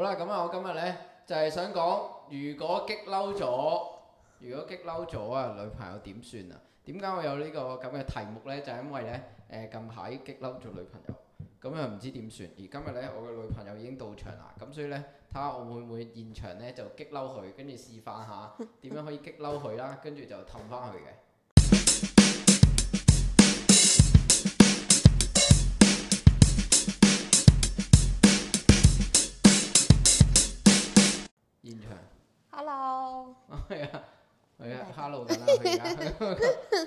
好啦，咁啊，我今日呢，就係想講，如果激嬲咗，如果激嬲咗啊，女朋友點算啊？點解我有呢個咁嘅題目呢？就係因為呢，誒近排激嬲咗女朋友，咁又唔知點算。而今日呢，我嘅女朋友已經到場啦，咁所以呢，睇下我會唔會現場呢，就激嬲佢，跟住示範下點樣可以激嬲佢啦，跟住就氹翻佢嘅。係啊，係啊，hello 噶啦，佢而家喺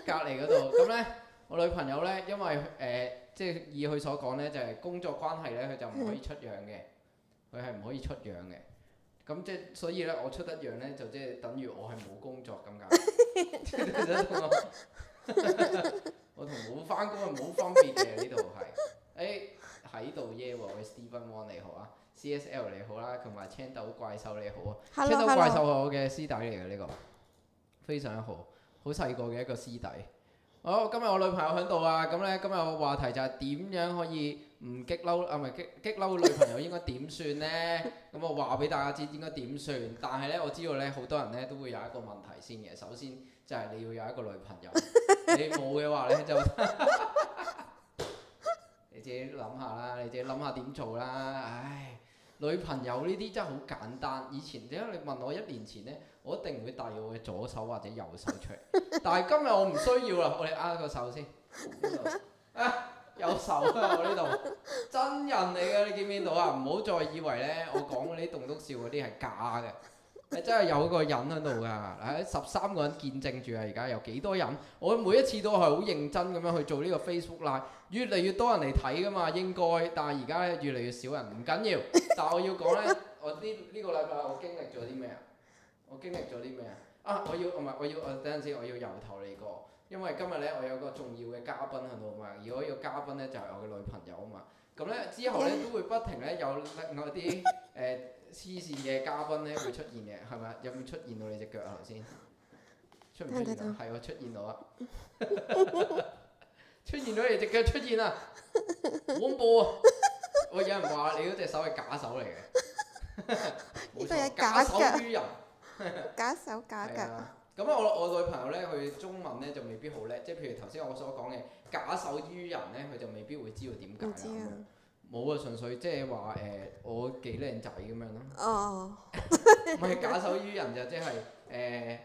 隔籬嗰度，咁咧 我女朋友咧，因為誒、呃，即係以佢所講咧，就係工作關係咧，佢就唔可以出樣嘅，佢係唔可以出樣嘅。咁即係所以咧，我出得樣咧，就即係等於我係冇工作咁解、就是 跟我笑欸。我同冇返工啊，冇分別嘅呢度係。誒，喺度耶 Stephen 你好啊。CSL 你好啦，同埋青豆怪獸你好啊！青豆怪獸係我嘅師弟嚟嘅呢個，非常之好，好細個嘅一個師弟。好，今日我女朋友喺度啊，咁咧今日我話題就係點樣可以唔激嬲啊？唔係激激嬲女朋友應該點算咧？咁我話俾大家知應該點算，但係咧我知道咧好多人咧都會有一個問題先嘅。首先就係你要有一個女朋友，你冇嘅話咧就你自己諗下啦，你自己諗下點做啦，唉。女朋友呢啲真係好簡單，以前點解你問我一年前呢，我一定會帶我嘅左手或者右手出嚟，但係今日我唔需要啦，我哋握個手先。呢度，啊，有手啊！我呢度真人嚟嘅，你見唔見到啊？唔好再以為呢，我講嗰啲棟篤笑嗰啲係假嘅。係真係有個人喺度㗎，喺十三個人見證住啊！而家有幾多人？我每一次都係好認真咁樣去做呢個 Facebook Live，越嚟越多人嚟睇㗎嘛，應該。但係而家越嚟越少人，唔緊要。但係我要講咧，我呢呢個禮拜我經歷咗啲咩啊？我經歷咗啲咩啊？啊！我要，唔係我要，我等陣先，我要由頭嚟過。因為今日咧，我有個重要嘅嘉賓喺度嘛，而我嘅嘉賓咧就係我嘅女朋友啊嘛。咁咧之後咧都會不停咧有另外啲誒黐線嘅嘉賓咧會出現嘅，係咪啊？有冇出現到你隻腳啊？頭先出唔出現啊？係我出現到啊！出現咗你隻腳出現啦！恐怖啊！我有人話你嗰隻手係假手嚟嘅，呢個係假手於人。假手假腳。咁我、嗯、我女朋友咧，佢中文咧就未必好叻，即係譬如頭先我所講嘅假手於人咧，佢就未必會知道點解啦。冇啊，純粹即係話誒，我幾靚仔咁樣咯。哦，哦，哦。 唔係假手於人就即係誒，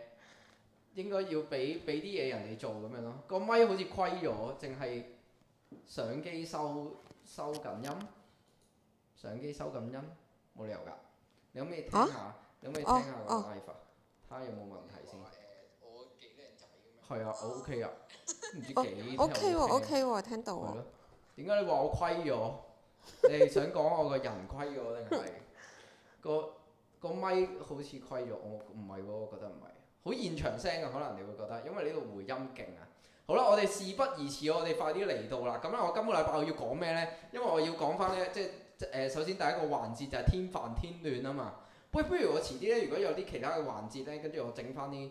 應該要俾俾啲嘢人哋做咁樣咯。個咪，咪好似虧咗，淨係相機收收緊音，相機收緊音，冇理由㗎。你可唔可以聽下？啊、你可唔可以聽下個 iPhone，睇下有冇問題先。係啊，我 O K 啊，唔、okay、知幾聽 O K O K 喎，聽到喎。點解、啊、你話我虧咗？ 你想講我個人虧咗定係個個咪好似虧咗？我唔係喎，啊、我覺得唔係、啊。好現場聲啊，可能你會覺得，因為呢度回音勁啊。好啦、啊，我哋事不宜遲，我哋快啲嚟到啦。咁、嗯、咧，我今個禮拜我要講咩呢？因為我要講翻呢，即係誒、呃，首先第一個環節就係添煩添亂啊嘛。不不如我遲啲呢？如果有啲其他嘅環節呢，跟住我整翻啲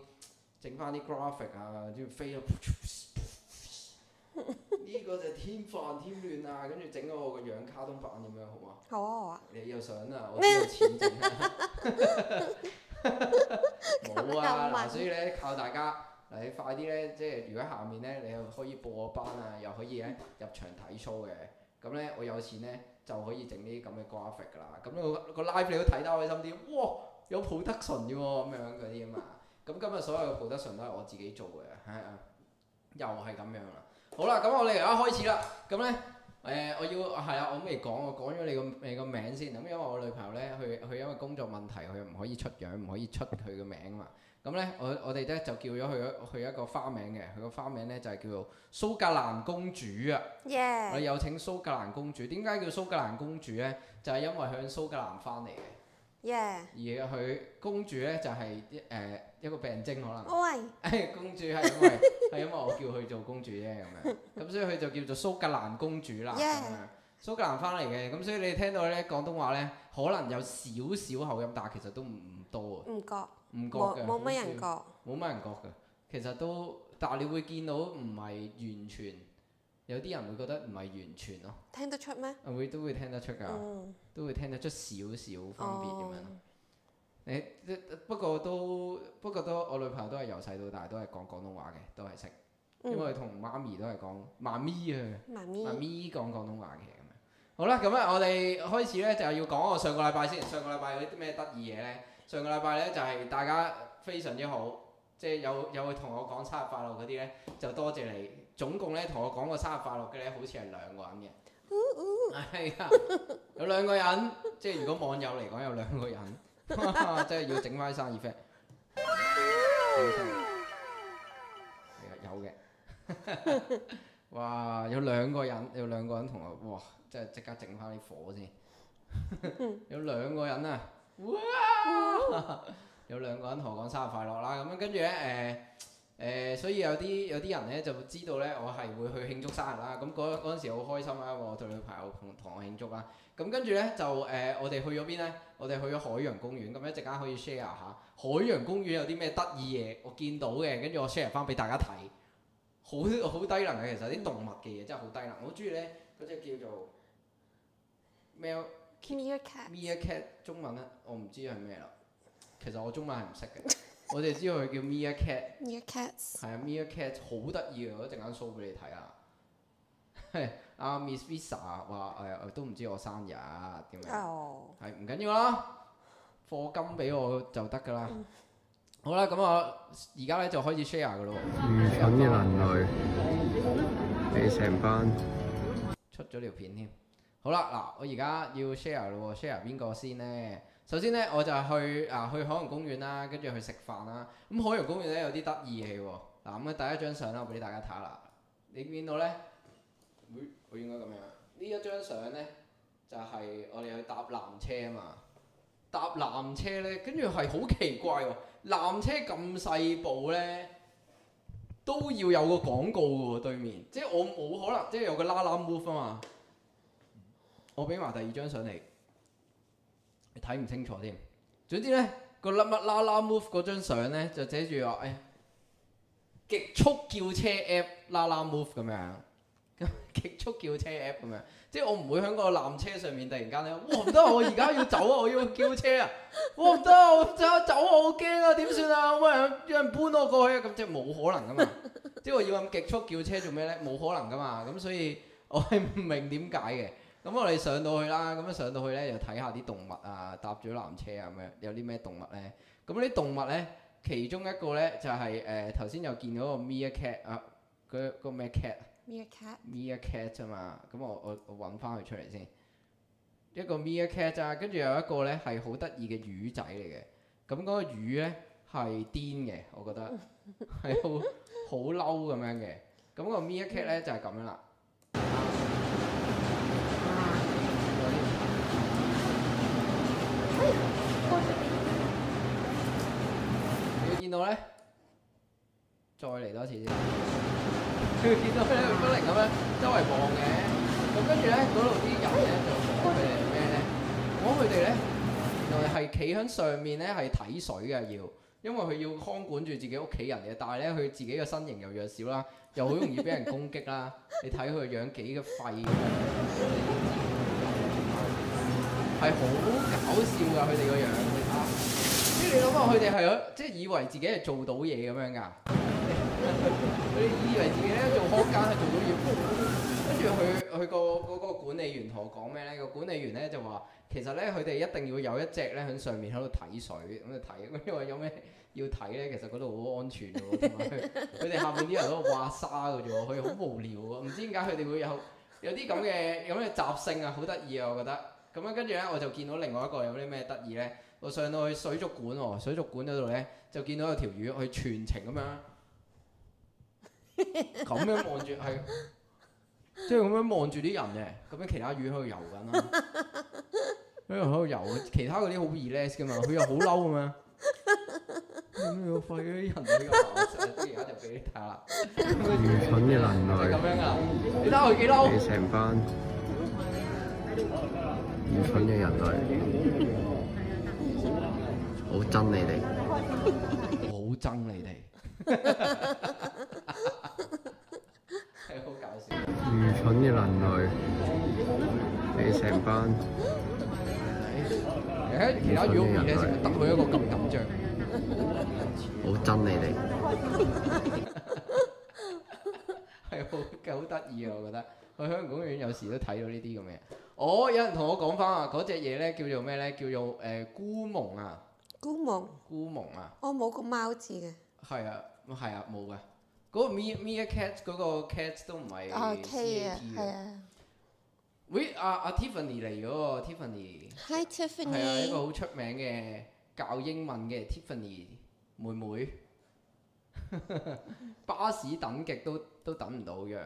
整翻啲 graphic 啊，即係 啊！呢個就添煩添亂啊。跟住整我個樣卡通版咁樣好唔好啊？好啊好啊！你又想啊？我都 有錢整。啊！冇啊！嗱，所以咧靠大家，嗱，你快啲咧！即係如果下面咧，你又可以報我班啊，又可以咧入場睇操嘅。咁咧，我有錢咧就可以整啲咁嘅 graphic 啦、啊。咁個個 live 你都睇得開心啲，哇！有 production 喎，咁樣嗰啲啊嘛～咁今日所有嘅 post production 都係我自己做嘅，唉、啊啊，又係咁樣啦。好啦，咁我哋而家開始啦。咁、嗯、呢，誒、呃，我要係啊，我未講，我講咗你個你個名先。咁、嗯、因為我女朋友呢，佢佢因為工作問題，佢唔可以出樣，唔可以出佢嘅名嘛。咁、嗯、呢，我我哋呢就叫咗佢佢一個花名嘅，佢個花名呢就係叫做蘇格蘭公主啊。耶！Yeah. 我哋有請蘇格蘭公主，點解叫蘇格蘭公主呢？就係、是、因為響蘇格蘭翻嚟嘅。Yeah. 而佢公主呢、就是，就係一誒一個病徵可能。喂 公主係因為係 因為我叫佢做公主啫咁樣，咁 所以佢就叫做蘇格蘭公主啦。咁 Yeah. 蘇格蘭翻嚟嘅，咁所以你聽到呢廣東話呢，可能有少少口音，但係其實都唔多啊。唔覺，冇乜有像人覺，冇乜人覺㗎，其實都，但係你會見到唔係完全。有啲人會覺得唔係完全咯，聽得出咩？會都會聽得出㗎，嗯、都會聽得出少少分別咁樣。不過都不過都，我女朋友都係由細到大都係講廣東話嘅，都係識，嗯、因為同媽咪都係講媽咪啊，媽咪媽咪講廣東話嘅。好啦，咁咧我哋開始咧就要講我上個禮拜先，上個禮拜有啲咩得意嘢呢？上個禮拜咧就係、是、大家非常之好，即係有有會同我講生日快樂嗰啲咧，就多謝你。總共咧，同我講個生日快樂嘅咧，好似係兩個人嘅，係啊，有兩個人，即係如果網友嚟講有兩個人，即係要整翻啲生意 friend，係啊，有嘅，哇，有兩個人，有兩個人同我，哇，即係即刻整翻啲火先，有兩個人啊，有兩個人同我講生日快樂啦，咁樣跟住咧，誒。誒、呃，所以有啲有啲人咧就會知道咧，我係會去慶祝生日啦。咁嗰嗰時好開心啦、啊，我對女朋友同我慶祝啦。咁跟住咧就誒、呃，我哋去咗邊咧？我哋去咗海洋公園。咁、嗯、一陣間可以 share 下海洋公園有啲咩得意嘢，我見到嘅，跟住我 share 翻俾大家睇。好好低能嘅，其實啲動物嘅嘢真係好低能。我好中意咧嗰隻叫做咩？Meerkat。Meerkat me 中文咧、啊，我唔知係咩啦。其實我中文係唔識嘅。 我哋知道佢叫 Meerkat，係啊 Meerkat 好得意啊！我一陣間 show 俾你睇啊！阿 Miss Visa 話：誒都唔知我生日點樣，oh. 係唔緊要啦，課金俾我就得㗎、oh. 啦。好啦，咁我而家咧就開始 share 㗎咯。有啲人類，你成班出咗條片添。好啦，嗱，我而家要 share 咯 share 邊個先咧？首先呢，我就係去啊，去海洋公園啦，跟住去食飯啦。咁、嗯、海洋公園咧有啲得意嘅喎，嗱咁啊第一張相咧，我俾大家睇下啦。你見到咧？我、哎、我應該咁樣、啊。呢一張相咧，就係、是、我哋去搭纜車啊嘛。搭纜車咧，跟住係好奇怪喎、啊，纜車咁細部咧，都要有個廣告嘅喎、啊、對面，即係我冇可能，即係有個 Lalamove 啊嘛。我俾埋第二張相嚟。睇唔清楚添。總之咧，個粒乜啦啦 move 嗰張相咧就寫住話，誒、哎、極速叫車 app 啦啦 move 咁樣，咁 極速叫車 app 咁樣，即係我唔會喺個纜車上面突然間咧，哇唔得，我而家要走啊，我要叫車我要我啊，哇唔得，我走走我好驚啊，點算啊？冇人有人搬我過去啊，咁即係冇可能噶嘛。即係我要咁極速叫車做咩咧？冇可能噶嘛。咁所以我係唔明點解嘅。咁我哋上到去啦，咁樣上到去咧，又睇下啲動物啊，搭咗纜車啊，咁樣有啲咩動物咧？咁啲動物咧，其中一個咧就係誒頭先又見到個 meerkat 啊，嗰個咩 cat？meerkat。meerkat 啊嘛，咁我我我搵翻佢出嚟先。一個 meerkat 啊，跟住有一個咧係好得意嘅魚仔嚟嘅，咁、嗯、嗰、那個魚咧係癲嘅，我覺得係好好嬲咁樣嘅，咁、那個 meerkat 咧就係、是、咁樣啦。見到咧，再嚟多次先。 見到佢咧，佢本能咁樣周圍望嘅，咁跟住咧，嗰度啲人咧就望佢哋係咩咧？我諗佢哋咧，原來係企喺上面咧，係睇水嘅要，因為佢要看管住自己屋企人嘅，但係咧，佢自己嘅身形又弱小啦，又好容易俾人攻擊啦。 你睇佢個樣幾嘅廢，係好搞笑㗎，佢哋個樣。你諗下，佢哋係即係以為自己係做到嘢咁樣㗎？佢 哋以為自己咧做空間係做到嘢，跟住佢佢個嗰、嗰個管理員同我講咩咧？嗰個管理員咧就話：其實咧，佢哋一定要有一隻咧喺上面喺度睇水咁嚟睇。咁因為有咩要睇咧？其實嗰度好安全喎。佢哋 下邊啲人都挖沙嘅啫喎，佢哋好無聊喎。唔知點解佢哋會有有啲咁嘅咁嘅習性啊，好得意啊，我覺得。咁樣跟住咧，我就見到另外一個有啲咩得意咧。我上到去水族館喎，水族館嗰度咧就見到有條魚，佢全程咁樣咁樣望住，係即係咁樣望住啲人嘅，咁樣其他魚喺度遊緊啦，喺度喺度遊，其他嗰啲好 relax 噶嘛，佢又好嬲啊嘛。咁樣我發俾啲人睇，我上咗 Instagram 就俾你睇下啦。愚蠢嘅人類，就咁樣啊！你睇佢幾嬲？你成班愚蠢嘅人類。好憎你哋！好憎你哋！係好搞笑，愚蠢嘅人類，你成班，你喺其他院呢成日揼佢一個咁緊張，好憎你哋！係好，佢好得意啊！我覺得去香港院有時都睇到呢啲咁嘅。哦，有人同我講返啊，嗰隻嘢咧叫做咩咧？叫做誒孤蒙啊！孤夢孤夢啊！我冇個貓字嘅。係啊，係啊，冇噶。嗰個 mi mi 嘅 cat，嗰個 cat 都唔係 cat 啊。係啊。喂，阿阿 Tiffany 嚟嗰個 Tiffany。Hi Tiffany。係啊，一個好出名嘅教英文嘅 Tiffany 妹妹，巴士等極都都等唔到嘅。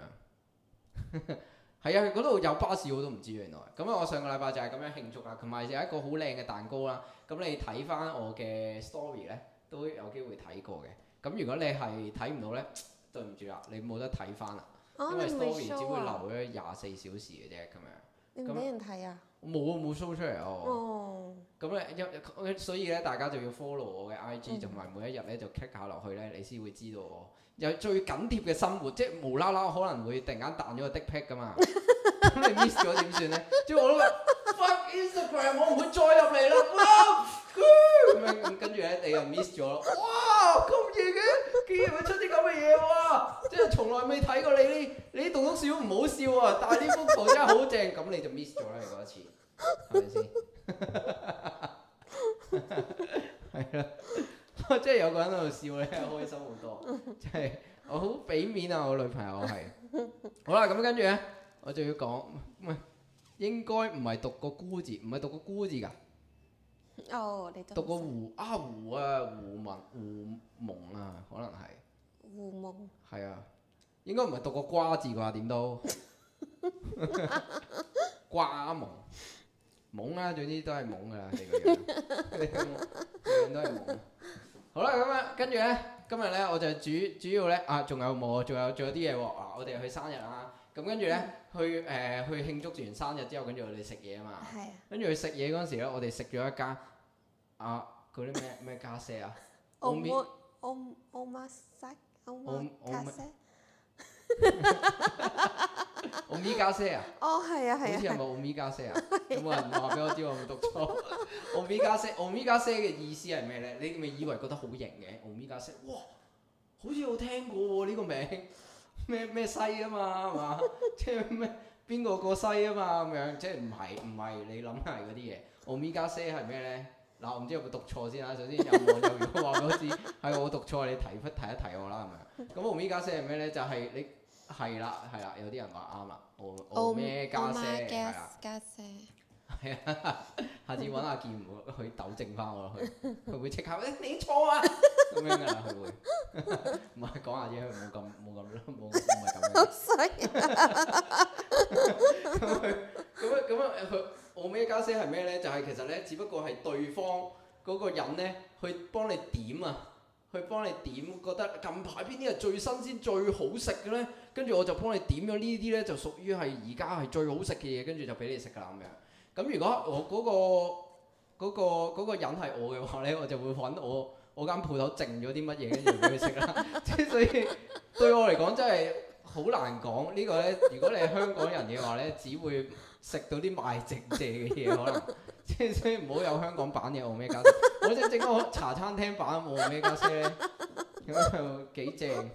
係啊，嗰度有巴士我都唔知原來。咁啊，我上個禮拜就係咁樣慶祝啊，同埋有一個好靚嘅蛋糕啦。咁你睇翻我嘅 story 呢，都有機會睇過嘅。咁如果你係睇唔到呢，對唔住啦，你冇得睇翻啦，哦、因為 story 只會留咗廿四小時嘅啫，咁樣。咁，你冇人睇啊？冇啊，冇 show 出嚟哦。咁咧因所以咧，大家就要 follow 我嘅 IG，同埋每一日咧就 kick 下落去咧，你先會知道我有最緊貼嘅生活，即係無啦啦可能會突然間彈咗個 discpack 噶嘛，咁 你 miss 咗點算咧？即係我 fuck Instagram，我唔會再入嚟咯。咁跟住咧你又 miss 咗，哇咁熱嘅！居然會出啲咁嘅嘢喎！即係從來未睇過你啲你棟篤笑唔好笑啊！但係呢幅圖真係好正，咁你就 miss 咗啦嗰一次，係咪先？係啦， 即係有個人喺度笑咧，你開心好多，即係我好俾面啊！我女朋友係，好啦，咁跟住咧，我仲要講，唔係應該唔係讀個姑字，唔係讀個姑字㗎。哦，你、oh, 讀過胡啊？胡啊？胡文胡蒙啊？可能係胡蒙，係啊，應該唔係讀個瓜字啩？點都 瓜蒙蒙啊！總之都係蒙噶啦，你個樣，樣樣 都係蒙。好啦，咁啊，跟住咧，今日咧，我就主主要咧啊，仲有冇啊？仲有仲有啲嘢喎啊！我哋去生日啊，咁跟住咧去誒去、呃、慶祝完生日之後，跟住我哋食嘢啊嘛，係，是啊、跟住去食嘢嗰時咧，我哋食咗一間。啊！嗰啲咩咩加西啊？奧米奧奧馬西奧馬加西，哈哈哈哈哈哈哈哈哈！奧米加西啊？哦，係啊係。好似係咪奧米加西啊？有冇人話俾我知我冇讀錯？奧米加西奧米加西嘅意思係咩咧？你咪以為覺得好型嘅奧米加西，哇！好似我聽過喎、哦、呢、呢個名，咩咩西啊嘛係嘛？即係咩邊個個西啊嘛咁樣？即係唔係唔係你諗係嗰啲嘢？奧米加西係咩咧？嗱、啊，我唔知有冇讀錯先啦。首先又有有 如果話嗰時，係我讀錯，你提，提，提一提我啦係咪？咁我咩家聲係咩咧？就係、是、你係啦，係啦。有啲人話啱啦，我咩家聲係啦，家聲係啊。下次揾阿健去糾正翻我啦，佢會即刻、hey，你錯啊咁樣啊，佢會唔係 講下嘢，冇咁冇咁，冇唔係咁。好衰啊！咁樣咁樣佢。Omakase 係咩呢？就係、係、其實呢，只不過係對方嗰個人呢去幫你點啊，去幫你點，覺得近排邊啲係最新鮮最好食嘅呢？跟住我就幫你點咗呢啲呢，就屬於係而家係最好食嘅嘢，跟住就俾你食噶啦咁樣。咁如果我、嗰、嗰個嗰、嗰個嗰、嗰個嗰個人係我嘅話呢，我就會揾我我間鋪頭剩咗啲乜嘢，跟住俾佢食啦。即係所以對我嚟講真係好難講呢、這個呢，如果你係香港人嘅話呢，只會。食到啲賣剩蔗嘅嘢，可能即係即係唔好有香港版嘅奧美嘉車， 我即係整個茶餐廳版奧美啡車，咁又幾正，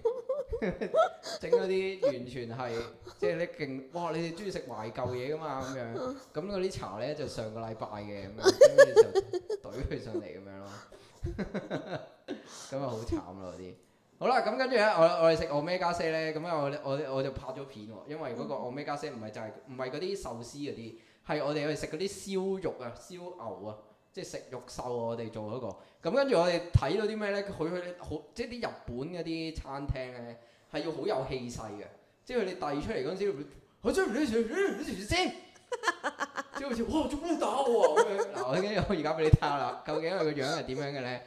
整嗰啲完全係即係你勁，哇！你哋中意食懷舊嘢噶嘛咁樣，咁嗰啲茶咧就上個禮拜嘅咁樣，跟住就懟佢上嚟咁樣咯，咁啊好慘咯嗰啲。好啦，咁跟住咧，我我哋食 omakase 咧，咁啊我我我就拍咗片喎，因為嗰個 omakase 唔係就係唔係嗰啲壽司嗰啲，係我哋去食嗰啲燒肉，燒肉啊、燒牛啊，即係食肉獸我哋做嗰個。咁跟住我哋睇到啲咩咧？佢佢好，即係啲日本嗰啲餐廳咧，係要好有氣勢嘅，即係佢哋遞出嚟嗰陣時，佢將唔呢條，呢條先，即係好似哇做咩打我啊？嗱我而家俾你睇下啦，究竟佢個樣係點樣嘅咧？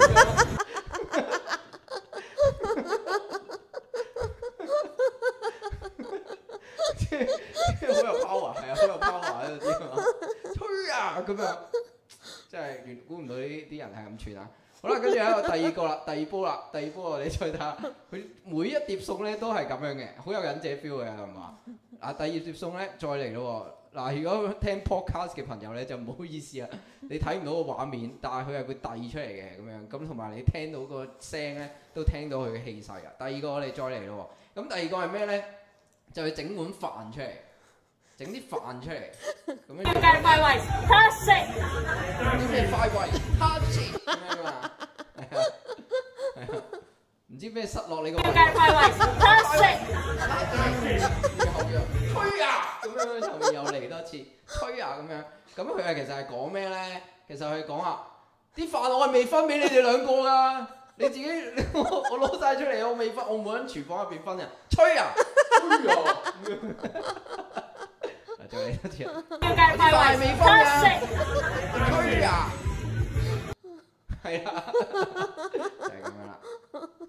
咁樣，即係原估唔到呢啲人係咁串啊！好啦，跟住喺度第二個啦，第二波啦，第二波啊！你再睇下，佢每一碟餸咧都係咁樣嘅，好有忍者 feel 嘅係嘛？嗱，第二碟餸咧再嚟咯喎！嗱，如果聽 podcast 嘅朋友咧就唔好意思啊，你睇唔到個畫面，但係佢係會遞出嚟嘅咁樣，咁同埋你聽到個聲咧都聽到佢嘅氣勢啊！第二個我哋再嚟咯喎，咁第二個係咩咧？就係整碗飯出嚟。整啲飯出嚟，點解快餵他食？咩快餵他食？係唔知咩失落你個？點解快餵他食？吹啊！咁樣後面又嚟多次，吹啊！咁樣，咁佢係其實係講咩咧？其實佢講啊，啲飯我係未分俾你哋兩個㗎，你自己，我我攞曬出嚟，我未分，我冇喺廚房入邊分嘅，吹啊！就係一條， 我大未放呀，吹啊，係啊 你，係咁 樣啦，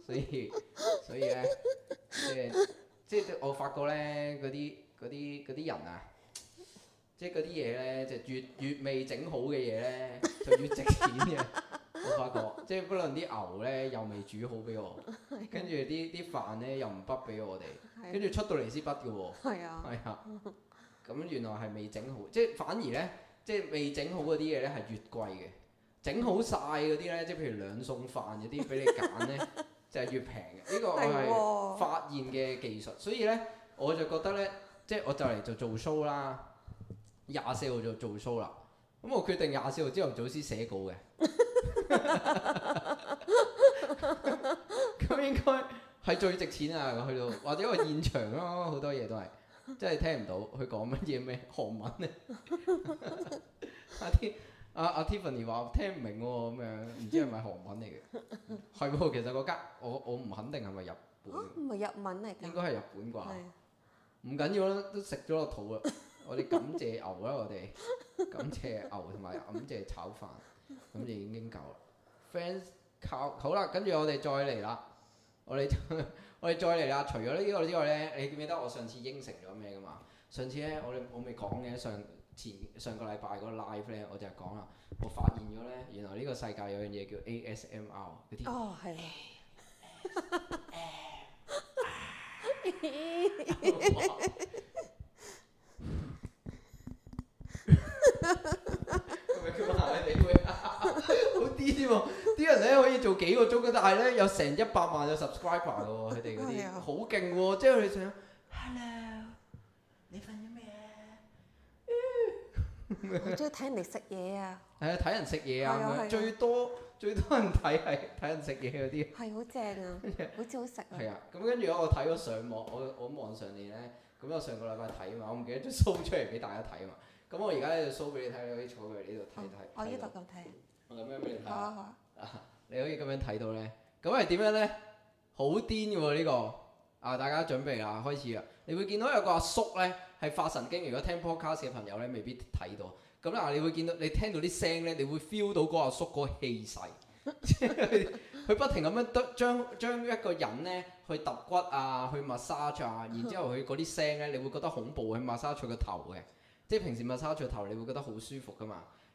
所以所以咧，即係即係我發覺咧，嗰啲嗰啲嗰啲人啊，即係嗰啲嘢咧，越呢就越越未整好嘅嘢咧，就越值錢嘅，我發覺，即係不論啲牛咧又未煮好俾我，跟住啲啲飯咧又唔滗俾我哋，跟住出到嚟先滗嘅喎，係是啊，係啊。咁原來係未整好，即係反而呢，即係未整好嗰啲嘢呢係越貴嘅，整好晒嗰啲呢，即係譬如兩餸飯嗰啲俾你揀呢，就係越平嘅。呢個我係發現嘅技術， 所以呢，我就覺得呢，即係我就嚟就做 show 啦，廿四號就做 show 啦，咁我決定廿四號朝頭早先寫稿嘅，咁 應該係最值錢啊！去到或者我現場咯，好多嘢都係。真係聽唔到佢講乜嘢咩韓文咧？阿 T 阿阿 Tiffany 話聽唔明喎，咁樣唔知係咪韓文嚟嘅？係喎， 其實嗰間我我唔肯定係咪日本，唔係、哦、日文嚟嘅？應該係日本啩？唔緊要啦，都食咗個肚啦， 我哋感謝牛啦，我哋感謝牛同埋感謝炒飯，咁就已經夠啦。Friends 靠，好啦，跟住我哋再嚟啦，我哋。 我哋再嚟啦！除咗呢個之外呢，你記唔記得我上次應承咗咩噶嘛？上次呢，我哋我未講嘅上前上個禮拜嗰個 live 呢，我就係講啦，我發現咗呢，原來呢個世界有樣嘢叫 ASMR。哦，係。係。好啲喎，啲人咧可以做幾個鐘嘅，但係咧有成一百萬有 subscriber 喎，佢哋嗰啲好勁喎，即係佢哋想 Hello，你瞓咗咩？我中意睇人哋食嘢啊！係啊，睇人食嘢啊，最多最多人睇係睇人食嘢嗰啲，係好正啊，好似好食啊。係啊，咁跟住我睇咗上網，我我網上面咧咁我上個禮拜睇嘛，我唔記得咗 show 出嚟俾大家睇啊嘛。咁我而家就 show 俾你睇，你可以坐埋嚟呢度睇睇。我呢度咁睇。咁樣俾你睇，啊啊、你可以咁樣睇到呢？咁係點樣呢？好癲嘅喎呢個。啊，大家準備啦，開始啦。你會見到有個阿叔呢，係發神經。如果聽 podcast 嘅朋友呢，未必睇到。咁啊，你會見到你聽到啲聲呢，你會 feel 到嗰阿叔個氣勢。佢 不停咁樣將將一個人呢，去揼骨啊，去 massage 啊，然之後佢嗰啲聲呢，你會覺得恐怖喺 massage 個頭嘅。即係平時 massage 個頭，你會覺得好舒服噶嘛。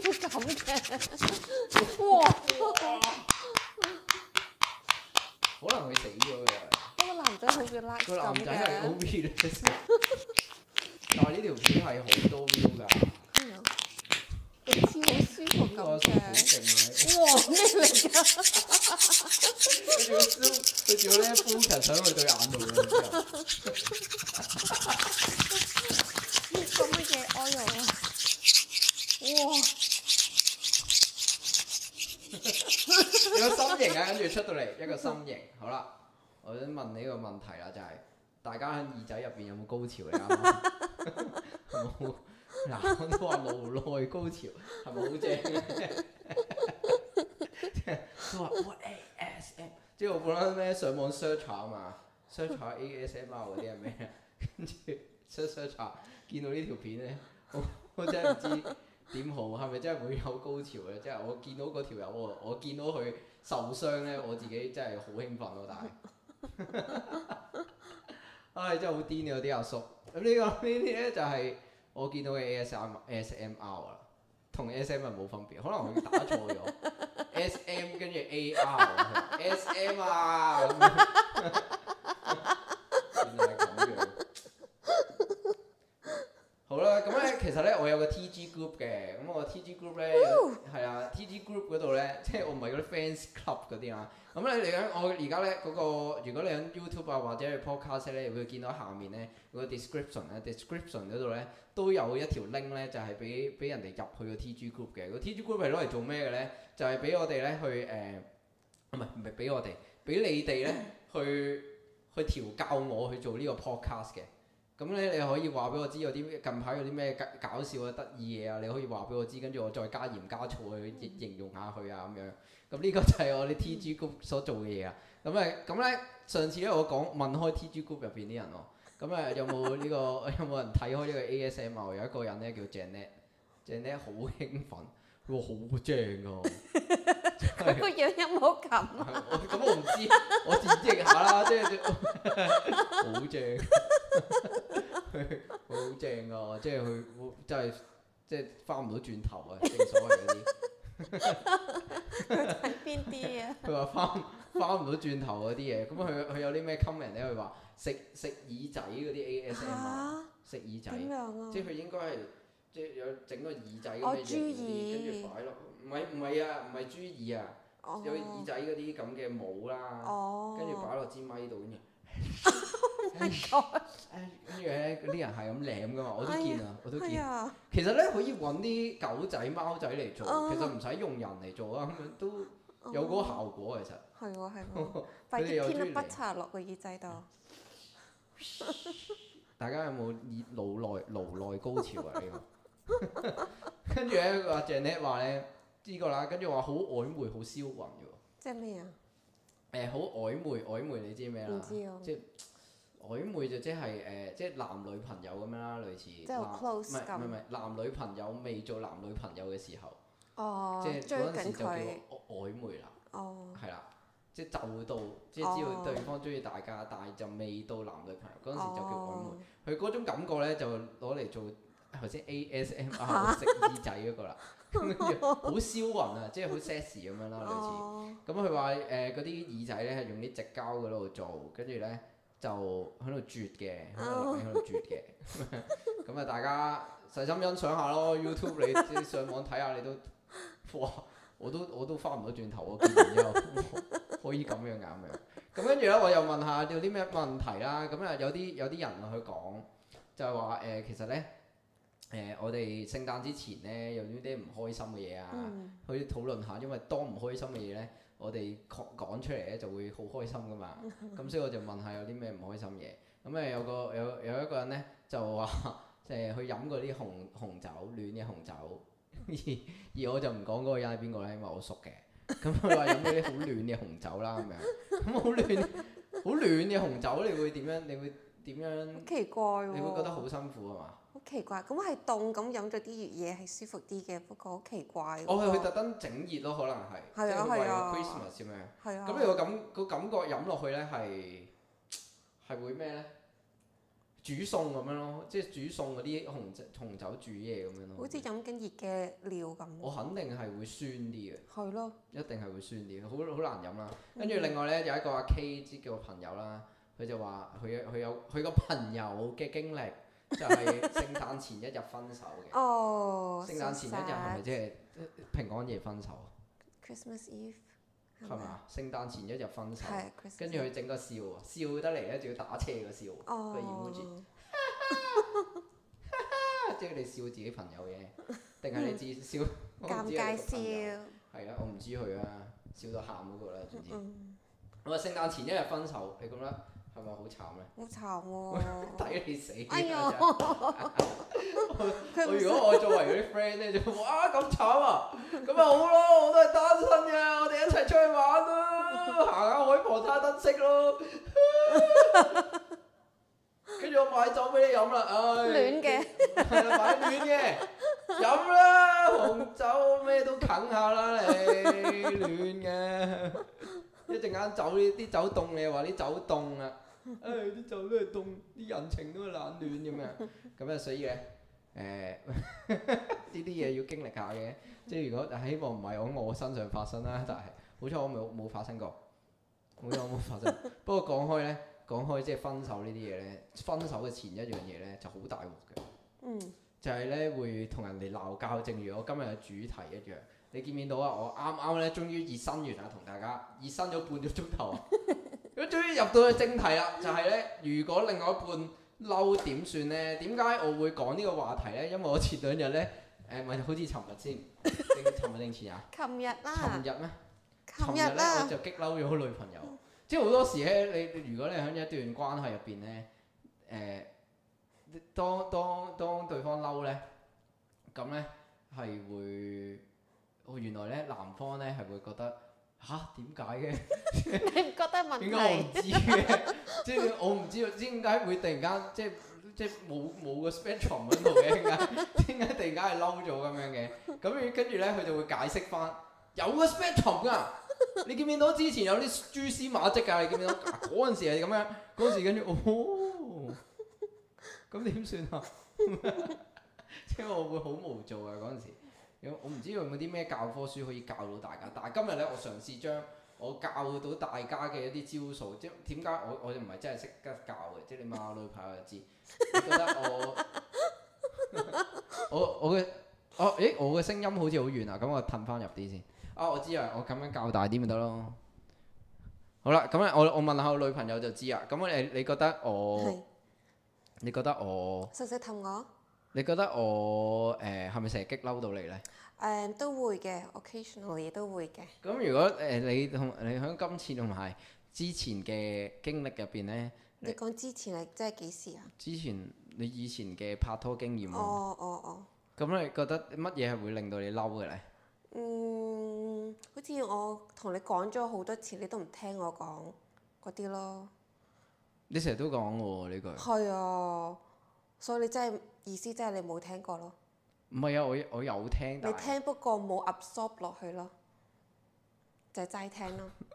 咁嘅，哇！可能佢死咗啊！嗰個男仔好嘅拉，個男仔係好啦，但係呢條片係好多 feel 㗎。似好舒服咁嘅，哇！咩嚟㗎？佢叫佢叫咧，敷陳喺佢對眼度啦，咁嘅，哎呀，哇！一個心形啊，跟住出到嚟一個心形，好啦，我想問你一個問題啦，就係、是、大家喺耳仔入邊有冇高潮你啱啱？冇，嗱，我都話冇內高潮，係咪好正？ N, 即係都話 A S M，即係我本身咧上網 search 嘛，search 下 A S M R 嗰啲係咩？跟住 search s e 見到呢條片咧，我我真係唔知點好，係咪真係會有高潮咧？即、就、係、是、我見到嗰條友，我見到佢。受傷咧，我自己真係好興奮咯、啊，但係，唉、 哎，真係好癲啊！有啲阿叔咁呢、啊這個這個呢啲咧就係、是、我見到嘅 ASMR SMR 啊，同 SM 啊冇分別，可能我打錯咗，SM 跟住 AR，SMR。SM 其實咧，我有個 TG group 嘅，咁我 TG group 咧，係啊，TG group 嗰度咧，即係我唔係嗰啲 fans club 嗰啲啊。咁咧嚟緊， 我而家咧嗰個，如果你喺 YouTube 啊或者去 podcast 咧，你會見到下面咧、嗰個 des 呢 description 啊，description 嗰度咧都有一條 link 咧、嗰個，就係俾俾人哋入去個 TG group 嘅。個 TG group 係攞嚟做咩嘅咧？就係俾我哋咧去誒，唔係唔係俾我哋，俾你哋咧去去調教我去做呢個 podcast 嘅。咁咧你可以話俾我知有啲近排有啲咩搞笑啊得意嘢啊，你可以話俾我知，跟住我再加鹽加醋去形容下佢啊咁樣。咁呢個就係我啲 T G Group 所做嘅嘢啊。咁誒咁咧上次咧我講問開 T G Group 入邊啲人喎，咁誒有冇呢個 有冇人睇開呢個 A S M R 啊？有一個人咧叫 Janet，Janet 好興奮。喎，好正佢個樣有冇咁？咁我唔知，我轉譯下啦，即係好正，佢好正㗎，即係佢，即係即係返唔到轉頭啊！正所謂嗰啲，係邊啲啊？佢話翻返唔到轉頭嗰啲嘢，咁佢佢有啲咩 comment 咧？佢話食食耳仔嗰啲 ASMR，食耳仔，啊、即係佢應該係。即有整個耳仔咁嘅嘢嗰啲跟住擺落，唔係唔係啊，唔係豬耳啊，有耳仔嗰啲咁嘅帽啦，跟住擺落支咪度跟住，跟住咧嗰啲人係咁舐噶嘛，我都見啊，我都見。其實咧可以揾啲狗仔貓仔嚟做，其實唔使用人嚟做啊，咁樣都有嗰個效果其實。係喎係。或者添粒筆擦落個耳仔度。大家有冇腦內腦內高潮啊？呢個？跟住咧，話鄭 net 話咧，知、 這個啦。跟住話好曖昧，好銷魂嘅喎。即係咩啊？誒、呃，好曖昧，曖昧你知咩啦？知即係曖昧就即係誒、呃，即係男女朋友咁樣啦，類似。即係好 close 咁。唔係唔係唔係，男女朋友未做男女朋友嘅時候。哦、即係嗰陣時就叫曖昧啦。哦。係啦，即係就到，即係知道對方中意大家，哦、但係就未到男女朋友嗰陣時就叫曖昧。佢嗰、哦、種感覺咧，就攞嚟做。或者 ASMR 食耳仔嗰個啦，跟住好銷魂啊，即係好 sexy 咁樣啦，類似。咁佢話誒，嗰啲耳仔咧係用啲直膠嗰度做，跟住咧就喺度啜嘅，喺度啜嘅。咁啊，啊 大家細心欣賞下咯，YouTube 你即係上網睇下，你都哇，我都我都翻唔到轉頭啊！然之後 可以咁樣啊咁樣。咁跟住咧，我又問下有啲咩問題啦。咁啊，有啲有啲人去講就係話誒，其實咧。誒、呃，我哋聖誕之前呢，有啲啲唔開心嘅嘢啊，嗯、去討論下，因為多唔開心嘅嘢呢，我哋講出嚟呢就會好開心噶嘛。咁所以我就問下有啲咩唔開心嘢。咁、嗯、誒有個有有一個人呢，就話誒、即係、去飲嗰啲紅紅酒，暖嘅紅酒。 而而我就唔講嗰個人係邊個呢，因為我熟嘅。咁佢話飲啲好暖嘅紅酒啦，咁樣咁好暖，好暖嘅紅酒你會點樣？你會點樣？好奇怪喎、啊！你會覺得好辛苦吖嘛？奇怪，咁係凍咁飲咗啲熱嘢係舒服啲嘅，不過好奇怪。我係佢特登整熱咯，可能係的即係為咗 Christmas 咩的？樣的。係啊，咁你個感個感覺飲落去咧係係會咩咧？煮餸咁樣咯，即係煮餸嗰啲紅酒紅酒煮嘢咁樣咯。好似飲緊熱嘅料咁。我肯定係會酸啲嘅。係咯的。一定係會酸啲，好好難飲啦。跟住、嗯、哼另外咧有一個阿 K 叫嘅朋友啦，佢就話佢佢有佢個朋友嘅經歷。就係聖誕前一日分手嘅。哦，聖誕前一日係咪即係平安夜分手？Christmas Eve，係咪啊？聖誕前一日分手，跟住佢整個笑啊，笑得嚟咧仲要打車嘅笑，佢演唔住。即係你笑自己朋友嘅，定係你自笑？我唔知。尷尬笑。係啊，我唔知佢啊，笑到喊嗰個啦，總之。咁啊，聖誕前一日分手，你覺得？咁咪好慘咧？好慘喎！抵你死！哎呀！我如果我作為嗰啲 friend 咧，就哇咁慘啊！咁咪好咯，我都係單身嘅，我哋一齊出去玩咯，行下海傍灘燈飾咯。跟住我買酒俾你飲啦，哎！暖嘅，係啦，買暖嘅飲啦，紅酒咩都啃下啦，你暖嘅。一陣間酒啲酒凍，你又話啲酒凍啊！誒啲酒都係凍，啲 人情都係冷暖咁樣，咁啊所以咧誒呢啲嘢、呃、 要經歷下嘅，即、就、係、是、如果希望唔係喺我身上發生啦，但係好彩我冇冇發生過，好彩我冇發生。 不過講開咧，講開即係分手呢啲嘢咧，分手嘅前一樣嘢咧就好大鑊嘅，嗯，就係咧、嗯、會同人哋鬧交，正如我今日嘅主題一樣。你見唔見到啊？我啱啱咧終於熱身完啦，同大家熱身咗半個鐘頭。 咁終於入到去正題啦，就係咧，如果另外一半嬲點算呢？點解我會講呢個話題呢？因為我前兩日呢，誒，咪好似尋日先，你尋日定前日？尋日啦。尋日呢，尋日呢，我就激嬲咗個女朋友，即係好多時咧，你如果你喺一段關係入邊呢，誒，當當當對方嬲呢，咁呢，係會，原來呢，男方呢係會覺得吓，點解嘅？ 你唔覺？點解問我唔知嘅？即係 我唔知道，知點解會突然間即係即係冇冇個 spectrum 喺度嘅？點解點解突然間係嬲咗咁樣嘅？咁跟住咧，佢就會解釋翻，有個 spectrum 㗎。你見唔見到之前有啲蛛絲馬跡㗎？你見唔見到嗰陣 時係咁樣？嗰陣時跟住哦，咁點算啊？即 係我會好無助啊！嗰陣時，我唔知有冇啲咩教科書可以教到大家。但係今日咧，我嘗試將我教到大家嘅一啲招數，即係點解我我唔係真係識得教嘅，即係 你問下我女朋友就知你。你覺得我我我嘅我誒我嘅聲音好似好遠啊，咁我褪翻入啲先。啊，我知啊，我咁樣教大啲咪得咯。好啦，咁啊我我問下我女朋友就知啊。咁我你覺得我，我你覺得我識唔識氹我？你覺得我誒係咪成日激嬲到你咧？誒、um, 都會嘅，occasionally 都會嘅。咁如果誒、呃、你同你喺今次同埋之前嘅經歷入邊咧，你講之前係即係幾時啊？之前你以前嘅拍拖經驗。哦哦哦。咁你覺得乜嘢係會令到你嬲嘅咧？嗯，好似我同你講咗好多次，你都唔聽我講嗰啲咯。你成日都講我呢句。係啊，所以你真係意思真係你冇聽過咯。唔係啊，我我有聽，但係你聽不過冇 absorb 落去咯，就齋聽咯。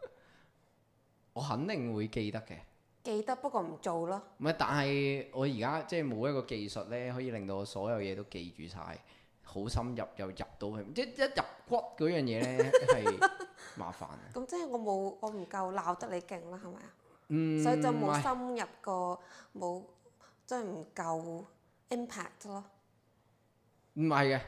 我肯定會記得嘅，記得不過唔做咯。唔係，但係我而家即係冇一個技術咧，可以令到我所有嘢都記住晒，好深入又入到去，即一入骨嗰樣嘢咧係麻煩。咁 即係我冇我唔夠鬧得你勁啦，係咪啊？嗯，所以就冇深入過，冇即係唔夠 impact 咯。唔係嘅，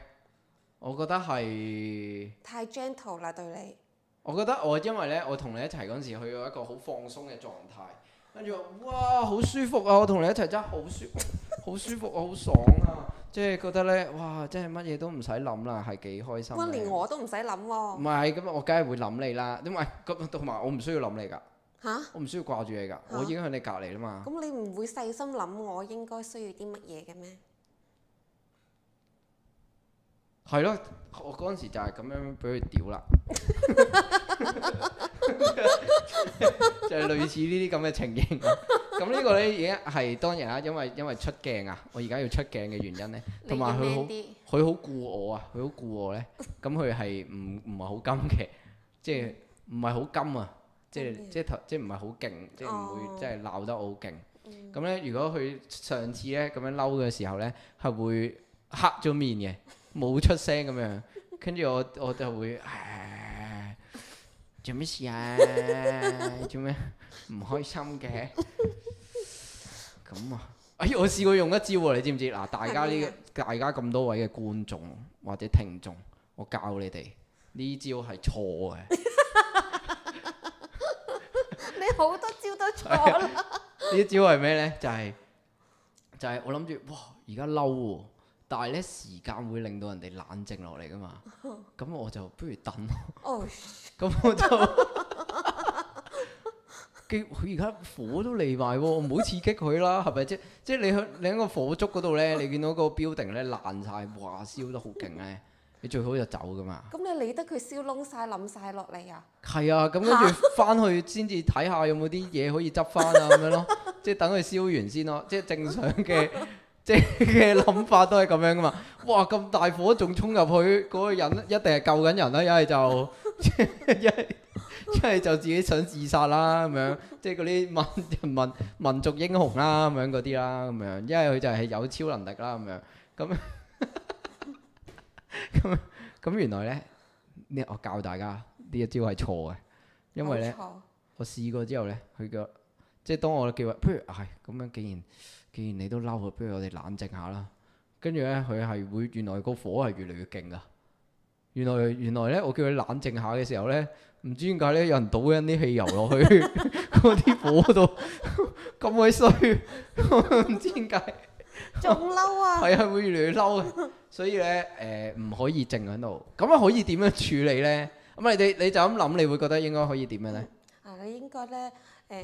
我覺得係太 gentle 啦對你。我覺得我因為咧，我同你一齊嗰陣時去到一個好放鬆嘅狀態，跟住哇好舒服啊！我同你一齊真係好舒 好舒服啊，好爽啊！即係覺得咧，哇！即係乜嘢都唔使諗啦，係幾開心。連我都唔使諗喎。唔係，咁我梗係會諗你啦。因為咁同埋我唔需要諗你噶嚇、啊，我唔、啊、需要掛住你噶，我已經喺你隔離啦嘛。咁你唔會細心諗我應該需要啲乜嘢嘅咩？係咯，我嗰陣時就係咁樣俾佢屌啦， 就係類似呢啲咁嘅情形。咁 呢個咧已經係當然啦，因為因為出鏡啊，我而家要出鏡嘅原因咧，同埋佢好佢好顧我啊，佢好顧我咧，咁佢係唔唔係好金嘅，即係唔係好金啊，即係即係即係唔係好勁，即係唔會即係鬧得好勁。咁咧、哦，嗯、如果佢上次咧咁樣嬲嘅時候咧，係會黑咗面嘅。冇出聲咁樣，跟住我我就會誒做咩事啊？做咩唔開心嘅？咁啊！哎呀，我試過用一招喎，你知唔知？嗱，大家呢，大家咁多位嘅觀眾或者聽眾，我教你哋呢招係錯嘅。你好多招都錯啦！呢招係咩呢？就係就係我諗住，哇！而家嬲喎。但係咧，時間會令到人哋冷靜落嚟噶嘛？咁、oh. 我就不如等。哦，咁我就佢而家火都嚟埋喎，唔好刺激佢啦，係咪啫？即、就、係、係、你喺你喺個火燭嗰度咧，oh. 你見到個標定咧爛晒，哇燒得好勁咧，oh. 你最好就走噶嘛。咁你理得佢燒窿晒、冧晒落嚟啊？係啊，咁跟住翻去先至睇下有冇啲嘢可以執翻啊，咁 樣咯，即係等佢燒完先咯，即係正常嘅。 即係嘅諗法都係咁樣噶嘛？哇！咁大火仲衝入去，嗰個人一定係救緊人啦、啊，一係就一係一係就自己想自殺啦咁樣。即係嗰啲民民民族英雄啦咁樣嗰啲啦咁樣，一係佢就係有超能力啦咁樣。咁咁咁原來咧，呢我教大家呢一招係錯嘅，因為咧冇錯我試過之後咧，佢個。即係當我叫佢，譬如係咁樣。既然既然你都嬲佢，不如我哋冷靜下啦。跟住咧，佢係會原來個火係越嚟越勁㗎。原來原來咧，我叫佢冷靜下嘅時候咧，唔知點解咧，有人倒緊啲汽油落去嗰啲火度，咁鬼衰，唔知點解仲嬲啊！係啊，會越來越嬲。所以咧，誒唔可以靜喺度。咁啊，可以點樣處理咧？咁啊，你你你就咁諗，你會覺得應該可以點樣咧？啊，你應該咧，誒。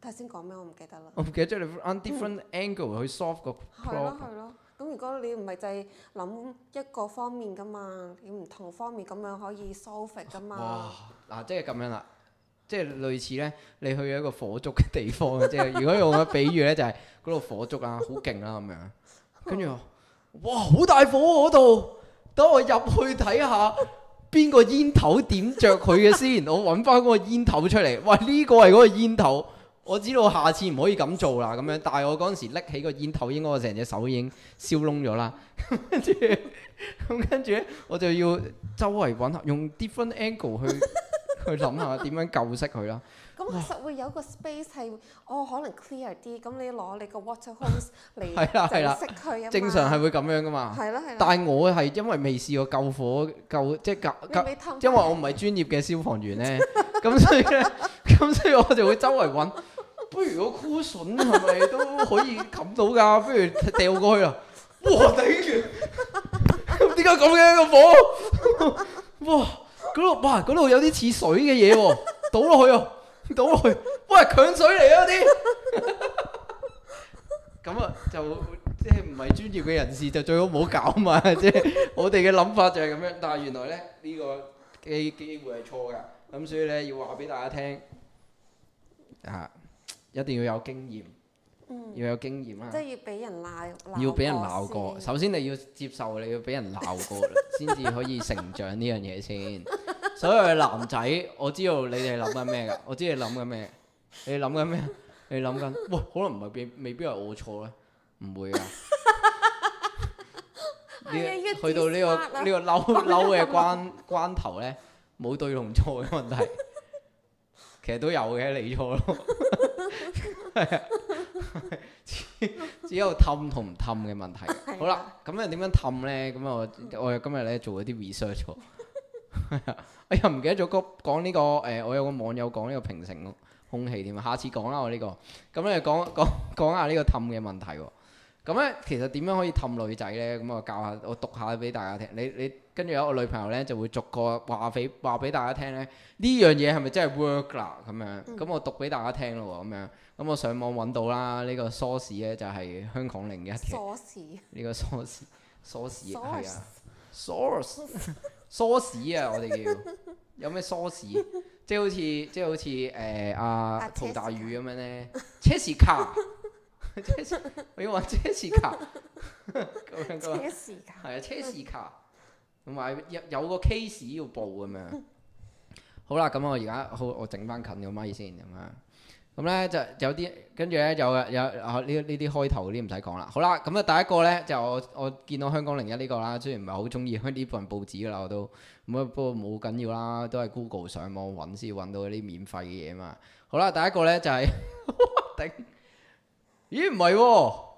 頭先講咩，我唔記得啦。我唔記得即係你按 different angle 去 solve 個。係咯，係咯，咁如果你唔係就係諗一個方面㗎嘛，你唔同方面咁樣可以 solve 㗎嘛。嗱，即係咁樣啦，即係類似咧，你去一個火燭嘅地方即係。 如果用個比喻咧，就係， 就係嗰度火燭啊，好勁啦咁樣。跟住我，哇！好大火喎嗰度，等我入去睇下邊個煙頭點着佢嘅先，我揾翻嗰個煙頭出嚟。喂，呢個係嗰個煙頭。我知道下次唔可以咁做啦，咁樣，但係我嗰陣時拎起個煙頭，應該我成隻手已經燒燶咗啦。跟住， 咁跟住咧，我就要周圍揾下，用 different angle 去 去諗下點樣救熄佢啦。咁、嗯、哇其實會有個 space 係哦，可能 clear 啲，咁你攞你個 water hose 嚟熄佢啊。正常係會咁樣噶嘛。係啦，係啦。但係我係因為未試過救火救，即係救，因為我唔係專業嘅消防員咧。咁 所以咧，咁所以我就會周圍揾。不如個枯筍係咪都可以冚到㗎？不如掉過去啊！哇頂住！點解咁嘅個火？哇！嗰度哇！嗰度有啲似水嘅嘢喎，倒落去啊！倒落去！喂，強水嚟啊啲！咁啊，就即係唔係專業嘅人士就最好唔好搞嘛。即係我哋嘅諗法就係咁樣，但係原來咧呢個機機會係錯㗎，咁所以咧要話俾大家聽。啊！一定要有經驗，要有經驗啦。即係、嗯、要俾人鬧，要俾人鬧過，先首先你要接受，你要俾人鬧過，先至 可以成長呢樣嘢先。 所以啲男仔，我知道你哋諗緊咩㗎？我知道你諗緊咩？你諗緊咩？你諗緊？哇！可能唔係未必係我錯咧，唔會㗎。 去到呢、呢個呢、呢個嬲嬲嘅關 關頭呢，冇對同錯嘅問題。 其實都有嘅，你錯咯，係啊，只有氹同唔氹嘅問題。好啦，咁啊點樣氹咧？咁啊，我今日咧做咗啲 research 喎。哎呀，唔記得咗講講呢個誒，我有個網友講呢個平衡咯，空氣添啊？下次講啦，我呢個。咁咧講講講下呢個氹嘅問題喎。咁咧其實點樣可以氹女仔咧？咁我教下我讀下俾大家聽。你你。跟住有個女朋友咧，就會逐個話俾話俾大家聽咧，呢樣嘢係咪真係 work 啦？咁樣咁我讀俾大家聽咯喎，咁樣咁我上網揾到啦。呢個 source 咧就係香港另一 source 呢個 source source 亦係啊，source source 啊，我哋叫有咩 source？即係好似即係好似誒阿陶大宇咁樣咧，chess car，我要玩 chess car 咁樣嘅，係啊，chess car。同有有個 case 要報咁樣，好啦，咁我而家好，我整翻近咗咪先咁啊。咁咧就有啲，跟住呢，就有啊呢呢啲開頭嗰啲唔使講啦。好啦，咁啊第一個呢，就我我見到香港01呢個啦，雖然唔係好中意呢份報紙啦，我都咁不過冇緊要啦，都係 Google 上網揾先揾到啲免費嘅嘢嘛。好啦，第一個呢，就係，就係，頂咦唔係喎。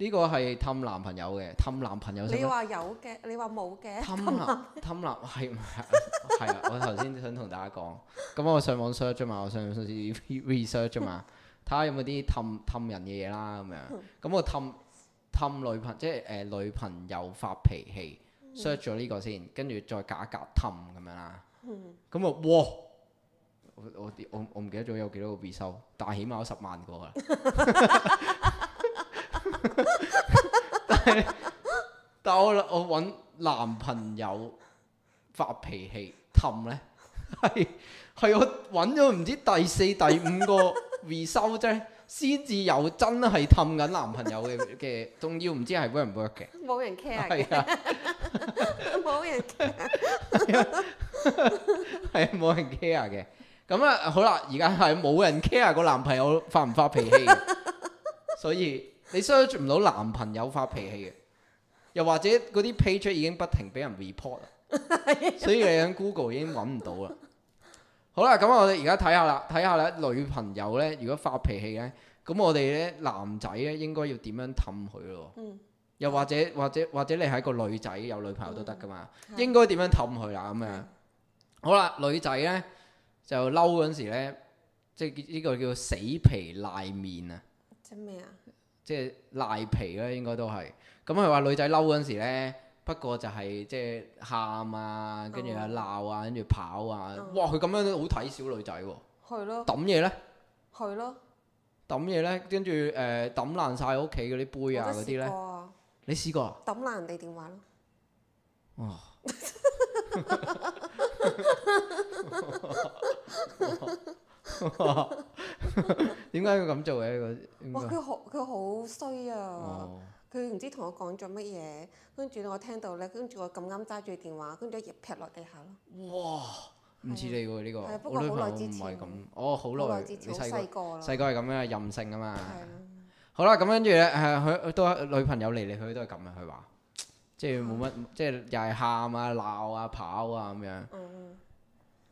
呢個係氹男朋友嘅，氹男朋友先。你話有嘅，你話冇嘅？氹男，氹男係係啊！我頭先想同大家講，咁我上網 search 啫嘛，我上上啲 research 啫嘛，睇下有冇啲氹氹人嘅嘢啦咁樣。咁我氹氹女朋，即係誒女朋友發脾氣，search 咗呢個先，跟住再夾夾氹咁樣啦。嗯。咁啊，哇！我我啲我我唔記得咗有幾多個回收，但係起碼有十萬個啦。 但係我我搵男朋友發脾氣氹咧，係係 我搵咗唔知第四第五個 l t 啫，先至有真係氹緊男朋友嘅嘅，仲要唔知係邊人 work 嘅，冇人 care，係啊，冇人 care，係冇人 care 嘅。咁啊好啦，而家係冇人 care 個 男朋友發唔發脾氣，所以。你 search 唔到男朋友發脾氣嘅，又或者嗰啲 page 已經不停俾人 report 啦， 所以你喺 Google 已經揾唔到啦。 好啦，咁我哋而家睇下啦，睇下咧女朋友咧，如果發脾氣咧，咁我哋咧男仔咧應該要點樣氹佢咯？嗯、又或者的或者或者你係一個女仔有女朋友都得噶嘛？嗯、應該點樣氹佢啊？咁樣。的好啦，女仔咧就嬲嗰陣時咧，即係呢個叫死皮賴面啊。即咩啊？即係賴皮啦，應該都係。咁佢話女仔嬲嗰陣時咧，不過就係、是、即係喊啊，跟住啊鬧啊，跟住跑啊。嗯、哇！佢咁樣都好睇小女仔喎。係咯的。抌嘢咧？係咯的。抌嘢咧，跟住誒抌爛晒屋企嗰啲杯啊嗰啲咧。你試過啊？抌爛人哋電話咯哇。 哇！哇哇。點解佢咁做嘅？佢哇！佢好佢好衰啊！佢唔知同我講咗乜嘢，跟住我聽到咧，跟住我咁啱揸住電話，跟住一劈落地下咯！哇！唔似你喎呢個，係不過好耐之前唔係咁，哦好耐，耐之前細個細個係咁樣任性啊嘛！好啦，咁跟住咧佢都女朋友嚟嚟去去都係咁啊！佢話即係冇乜，即係又係喊啊鬧啊跑啊咁樣。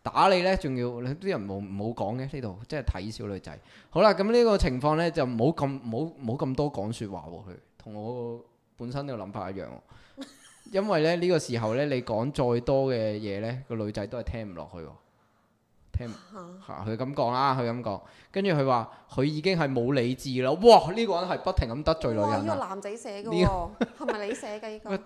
打你咧，仲要你啲人冇冇講嘅呢度，即係睇小女仔。好啦，咁呢個情況咧就冇咁冇冇咁多講說話喎、啊。佢同我本身個諗法一樣、啊， 因為咧呢、這個時候咧，你講再多嘅嘢咧，個女仔都係聽唔落去喎、啊。聽唔落。嚇！佢咁講啦，佢咁講，跟住佢話佢已經係冇理智啦。哇！呢、這個人係不停咁得罪女人、啊。係、這個男仔寫嘅喎、哦，係咪、這個、 你寫嘅呢、這個。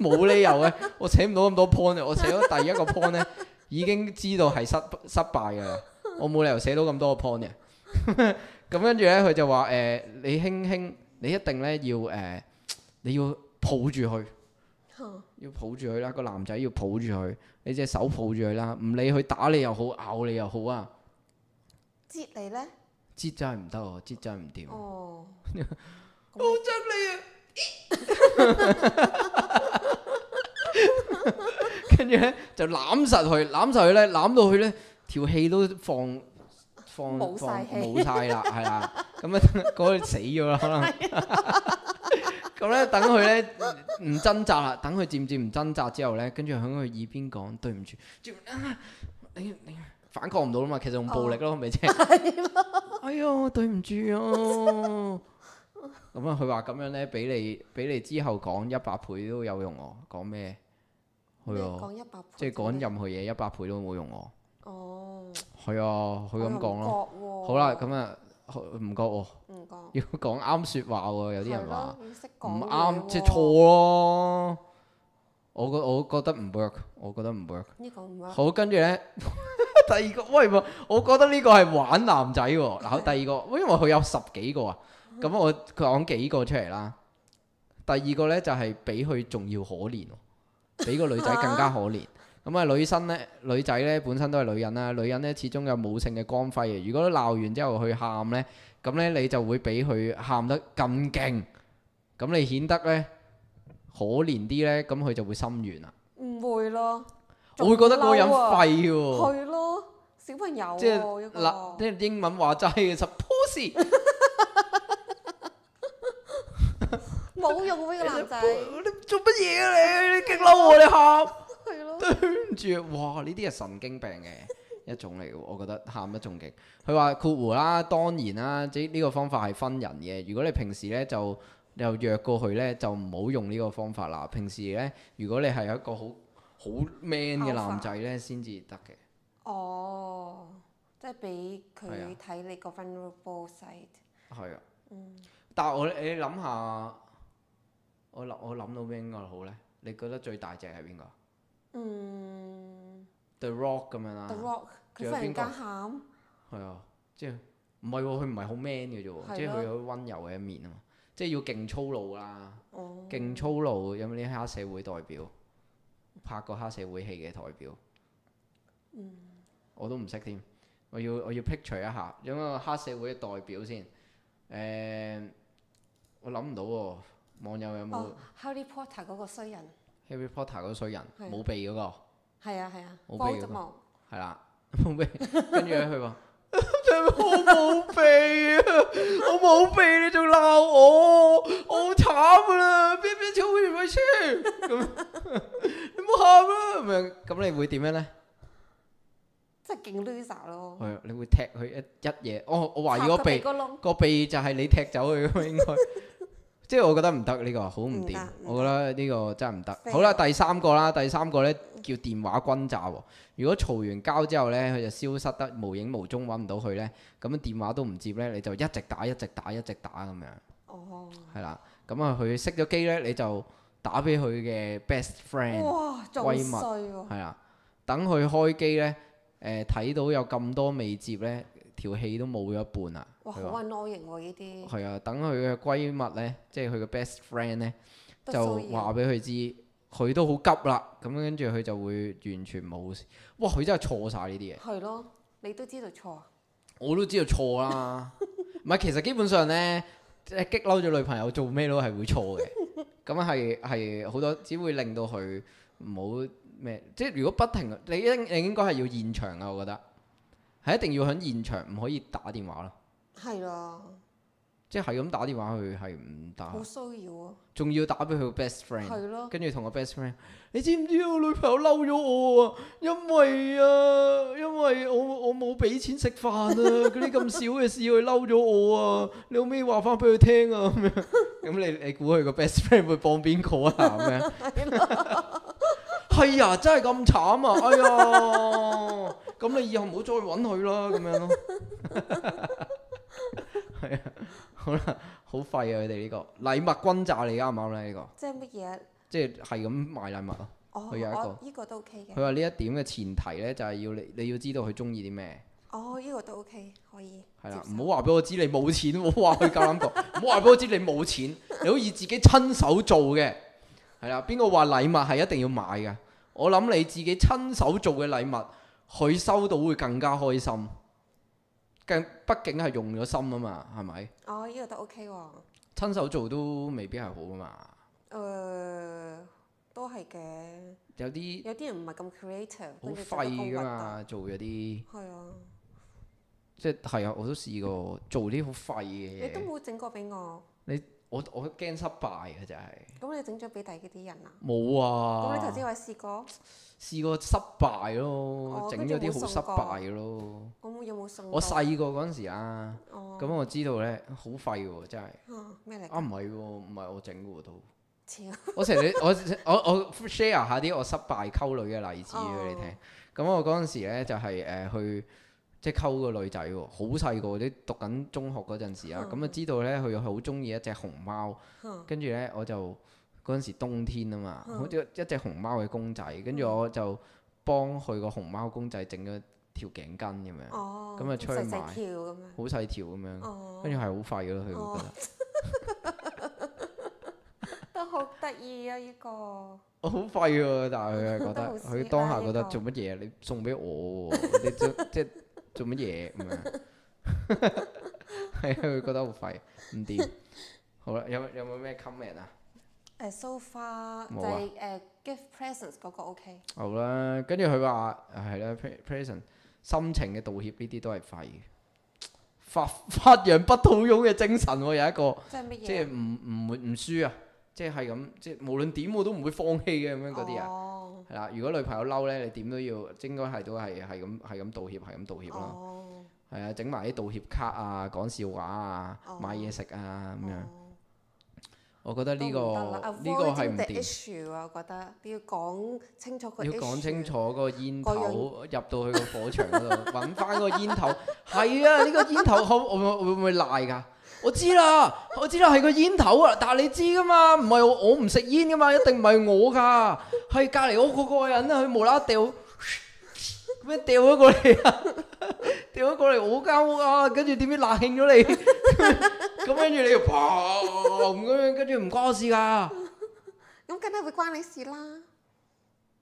冇 理由嘅，我寫唔到咁多 point，我寫咗第一個 point 咧。 已經知道係失失敗㗎喇，我冇理由寫到咁多個 point 嘅。咁 跟住咧，佢就話：誒、呃，你輕輕，你一定咧要誒、呃，你要抱住佢，oh. 要抱住佢啦。個男仔要抱住佢，你隻手抱住佢啦。唔理佢打你又好，咬你又好啊。接你咧？接真係唔得喎，接真係唔掂。哦，oh. 好着你。啊！ 就攬實佢，攬實佢咧，攬到佢咧條氣都放放放冇晒啦，係啦，咁樣嗰個死咗啦。咁咧等佢咧唔掙扎啦，等佢漸漸唔掙扎之後咧，跟住喺佢耳邊講對唔住，啊，你你反抗唔到啦嘛，其實用暴力咯，咪即係。係咯。哎喲，對唔住啊。咁啊，佢話咁樣咧，俾你俾你之後講一百倍都有用喎，講咩？係啊，講一百倍，即係講任何嘢一百倍都冇用喎。哦，係啊，佢咁講咯。好啦，咁啊，唔覺喎。唔覺。要講啱說話喎，有啲人話唔啱，即係錯咯。我我覺得唔 work，我覺得唔 work。呢個唔啱。好，跟住咧， 第二個喂，我覺得呢個係玩男仔喎。嗱， 第二個，因為佢有十幾個啊，咁 我佢講幾個出嚟啦。第二個咧就係比佢仲要可憐。比個女仔更加可憐，咁啊女生咧，女仔咧本身都係女人啦，女人咧始終有母性嘅光輝嘅。如果鬧完之後去喊咧，咁咧你就會俾佢喊得咁勁，咁你顯得咧可憐啲咧，咁佢就會心軟喇。唔會咯，我會覺得嗰個人廢喎。係咯，小朋友喎，嗱，即係英文話齋，suppose。冇用嘅呢個男仔，你做乜嘢啊你？你激嬲我你喊，係咯、啊？對唔住，哇！呢啲係神經病嘅一種嚟，我覺得喊得仲勁。佢話括弧啦，當然啦，即呢、呢個方法係分人嘅。如果你平時咧就你又約過去咧，就唔好用呢個方法啦。平時咧，如果你係一個好好 man 嘅男仔咧，先至得嘅。哦，即係俾佢睇你個 vulnerable side。係啊，嗯 嗯、但係我你諗下。我諗我諗到邊個好咧？你覺得最大隻係邊個？The Rock 咁樣啦 The，Rock，仲有邊個？係、嗯、啊，啊即係唔係喎？佢唔係好 man 嘅啫喎，即係佢有溫柔嘅一面啊嘛，即係要勁粗魯啦，嗯、勁粗魯有冇啲黑社會代表拍過黑社會戲嘅、嗯、代表？嗯，我都唔識添，我要我要 picture 一下，有冇黑社會嘅代表先？誒，我諗唔到喎。網友有冇《Harry Potter》嗰個衰人，《Harry Potter》嗰衰人冇鼻嗰個，係啊係啊，冇鼻就冇，係啦冇鼻，跟住咧佢話：我冇鼻啊，我冇鼻，你仲鬧我，好慘啊！邊邊草原咪穿，你冇喊啦，咁樣咁你會點樣咧？真係勁 loser 咯！你會踢佢一一嘢，我我懷疑個鼻個鼻就係你踢走佢咁樣應該。即係我覺得唔得呢個好唔掂，行我覺得呢個真係唔得。行好啦，第三個啦，第三個呢，叫電話轟炸喎、哦。如果嘈完交之後呢，佢就消失得無影無蹤，揾唔到佢呢。咁樣電話都唔接呢，你就一直打、一直打、一直打咁樣。哦。係啦，咁啊，佢熄咗機呢，你就打俾佢嘅 best friend、哇、閨蜜，係啦，等佢開機呢，睇、呃、到有咁多未接呢。條氣都冇咗一半啦！哇，好恩愛型喎呢啲。係啊，啊，等佢嘅閨蜜呢，即係佢嘅 best friend 呢，就話俾佢知，佢都好急啦。咁跟住佢就會完全冇事。哇，佢真係錯晒呢啲嘢。係咯，你都知道錯、啊、我都知道錯啦、啊。唔係， 其實基本上呢，即係激嬲咗女朋友做咩都係會錯嘅。咁係係好多，只會令到佢唔好咩。即係如果不停，你應你應該係要現場啊，我覺得。係一定要喺現場，唔可以打電話啦。係啦的，即係咁打電話去，係唔打。好騷擾啊！仲要打俾佢個 best friend 的。係咯。跟住同個 best friend，你知唔知我女朋友嬲咗我啊？因為啊，因為我我冇俾錢食飯啊！嗰啲咁小嘅事，佢嬲咗我啊！你可唔可以話翻俾佢聽啊？咁樣咁你你估佢個 best friend 會幫邊個啊？咁 樣的。係 啊！真係咁慘啊！哎呀～ 咁你以後唔好再揾佢啦，咁樣咯。係啊， 好啦，好 廢啊！佢哋呢個禮物轟炸你啱唔啱呢？呢、這個即係乜嘢？即係係咁買禮物咯。哦，呢個都 OK 嘅。佢話呢一點嘅前提呢，就係要你你要知道佢中意啲咩。哦，呢、這個都 OK，可以。係啦，唔好話俾我知你冇錢，唔好話佢咁諗多，唔好話俾我知你冇錢，你好似自己親手做嘅。係啦，邊個話禮物係一定要買㗎？我諗你自己親手做嘅禮物。佢收到會更加開心，更畢竟係用咗心啊嘛，係咪？哦，呢個都 OK 喎。親手做都未必係好啊嘛。誒、呃，都係嘅。有啲有啲人唔係咁 creative。好廢㗎嘛，做嗰啲。係啊。即係係啊，我都試過做啲好廢嘅嘢。你都冇整過俾我。你。我我驚失敗嘅、啊、就係、是。咁你整咗俾第幾啲人啊？冇啊。咁你頭先話試過？試過失敗咯，整咗啲好失敗咯。有有我有冇我細個嗰陣時啊，咁、哦、我知道咧好廢喎，真係。咩嚟、哦？啊唔係喎，唔係、啊、我整嘅喎都。超我成日 我我我 share 下啲我失敗溝女嘅例子俾、哦、你聽。咁我嗰陣時咧就係、是、誒、呃、去。即係溝個女仔喎，好細個啲讀緊中學嗰陣時啊，咁啊知道呢，佢好中意一隻熊貓，跟住呢，我就嗰陣時冬天啊嘛，好似一隻熊貓嘅公仔，跟住我就幫佢個熊貓公仔整咗條頸巾咁樣，咁啊出去買，好細條咁樣，跟住係好廢咯，佢覺得都好得意啊呢個，好廢喎，但係佢係覺得佢當下覺得做乜嘢？你送俾我，你即即。做乜嘢咁樣？係啊，佢覺得好廢，唔掂。好啦，有有冇咩 comment 啊？誒 so far 就係誒 give presence 嗰個 OK。好啦，跟住佢話係啦 present 心情嘅道歉呢啲都係廢嘅。發發揚不討厭嘅精神我、啊、有一個即係唔唔會唔輸啊！即係咁，即係無論點我都唔會放棄嘅咁樣嗰啲啊，係啦、哦。如果女朋友嬲咧，你點都要應該係都係係咁係咁道歉，係咁道歉咯。係啊、哦，整埋啲道歉卡、哦、啊，講笑話啊，買嘢食啊咁樣。我覺得呢、呢個呢個係唔掂。要講清楚，要講清楚個煙頭入到去個火場度，揾翻個煙頭。係啊個用，呢 個，個煙頭好會會唔會賴㗎？我知啦，我知啦，係個煙頭啊！但係你知噶嘛？唔係我，我唔食煙噶嘛，一定唔係我噶，係隔籬屋嗰個人啊！佢無啦啦掉，咁樣掉咗過嚟啊，掉咗過嚟我間屋啊！跟住點知冷氣咗你？咁跟住你要爬咁樣，跟住唔關我事噶。咁梗係會關你事啦！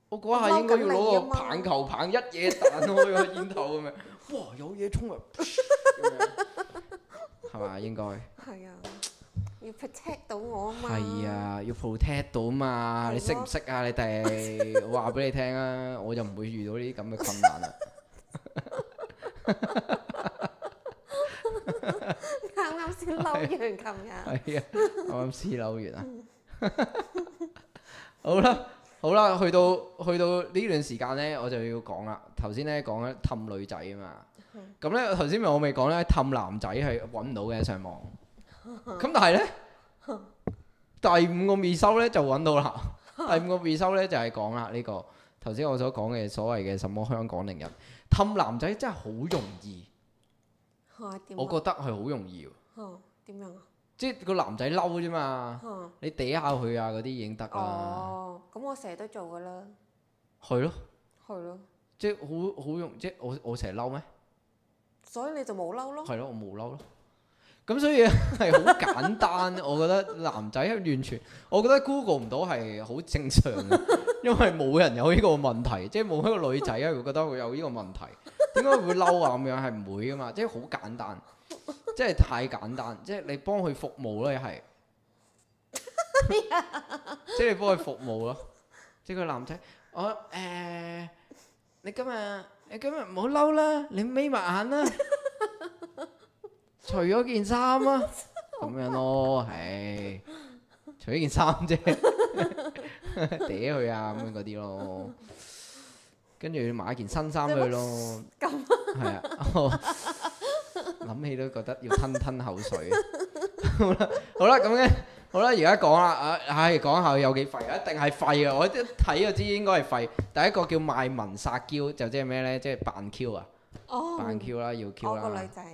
我嗰下應該要攞個棒球棒一嘢彈開個煙頭咁樣。哇！有嘢衝嚟。 有係嘛？應該係啊，要 protect 到我啊嘛。係啊，要 protect 到啊嘛。你識唔識啊？你哋，我話俾你聽啊，我就唔會遇到呢啲咁嘅困難啦。啱啱先嬲完琴日，係啊，啱啱先嬲完啊。好啦，好啦，去到去到呢段時間咧，我就要講啦。頭先咧講啊，氹女仔啊嘛。咁咧，頭先咪我未講咧，氹男仔係揾唔到嘅上網。咁但係咧，第五個回收咧就揾到啦。第五個回收咧就係講啦，呢個頭先我所講嘅所謂嘅什麼香港名人氹男仔真係好容易。嚇？點？我覺得係好容易喎。嚇？點樣啊？即個男仔嬲啫嘛。嚇！你嗲下佢啊，嗰啲已經得啦。哦，咁我成日都做㗎啦。係咯。係咯。即好好容，即我我成日嬲咩？所以你就冇嬲咯？係咯，我冇嬲咯。咁所以係好簡單， 我覺得男仔完全，我覺得 Google 唔到係好正常，因為冇人有呢個問題，即係冇一個女仔啊會覺得會有呢個問題，點解會嬲啊咁樣係唔會噶嘛，即係好簡單， 即係太簡單，即係你幫佢服務咯，又係， 即你幫佢服務咯，即係個男仔，我誒、呃，你今日。誒咁啊，唔好嬲啦，你眯埋眼啦，除咗件衫啊，咁 樣咯，係，除咗件衫啫，嗲 佢啊咁樣嗰啲咯，跟住買件新衫去咯，係啊，諗 起都覺得要吞吞口水， 好啦，好啦，咁咧。好啦，而家講啦啊，係、哎、講下有幾廢啊，一定係廢啊！我一睇就知應該係廢。第一個叫賣萌撒嬌，就即係咩呢？即係扮 Q 啊，扮、oh, Q 啦，要 Q 啦。個女仔，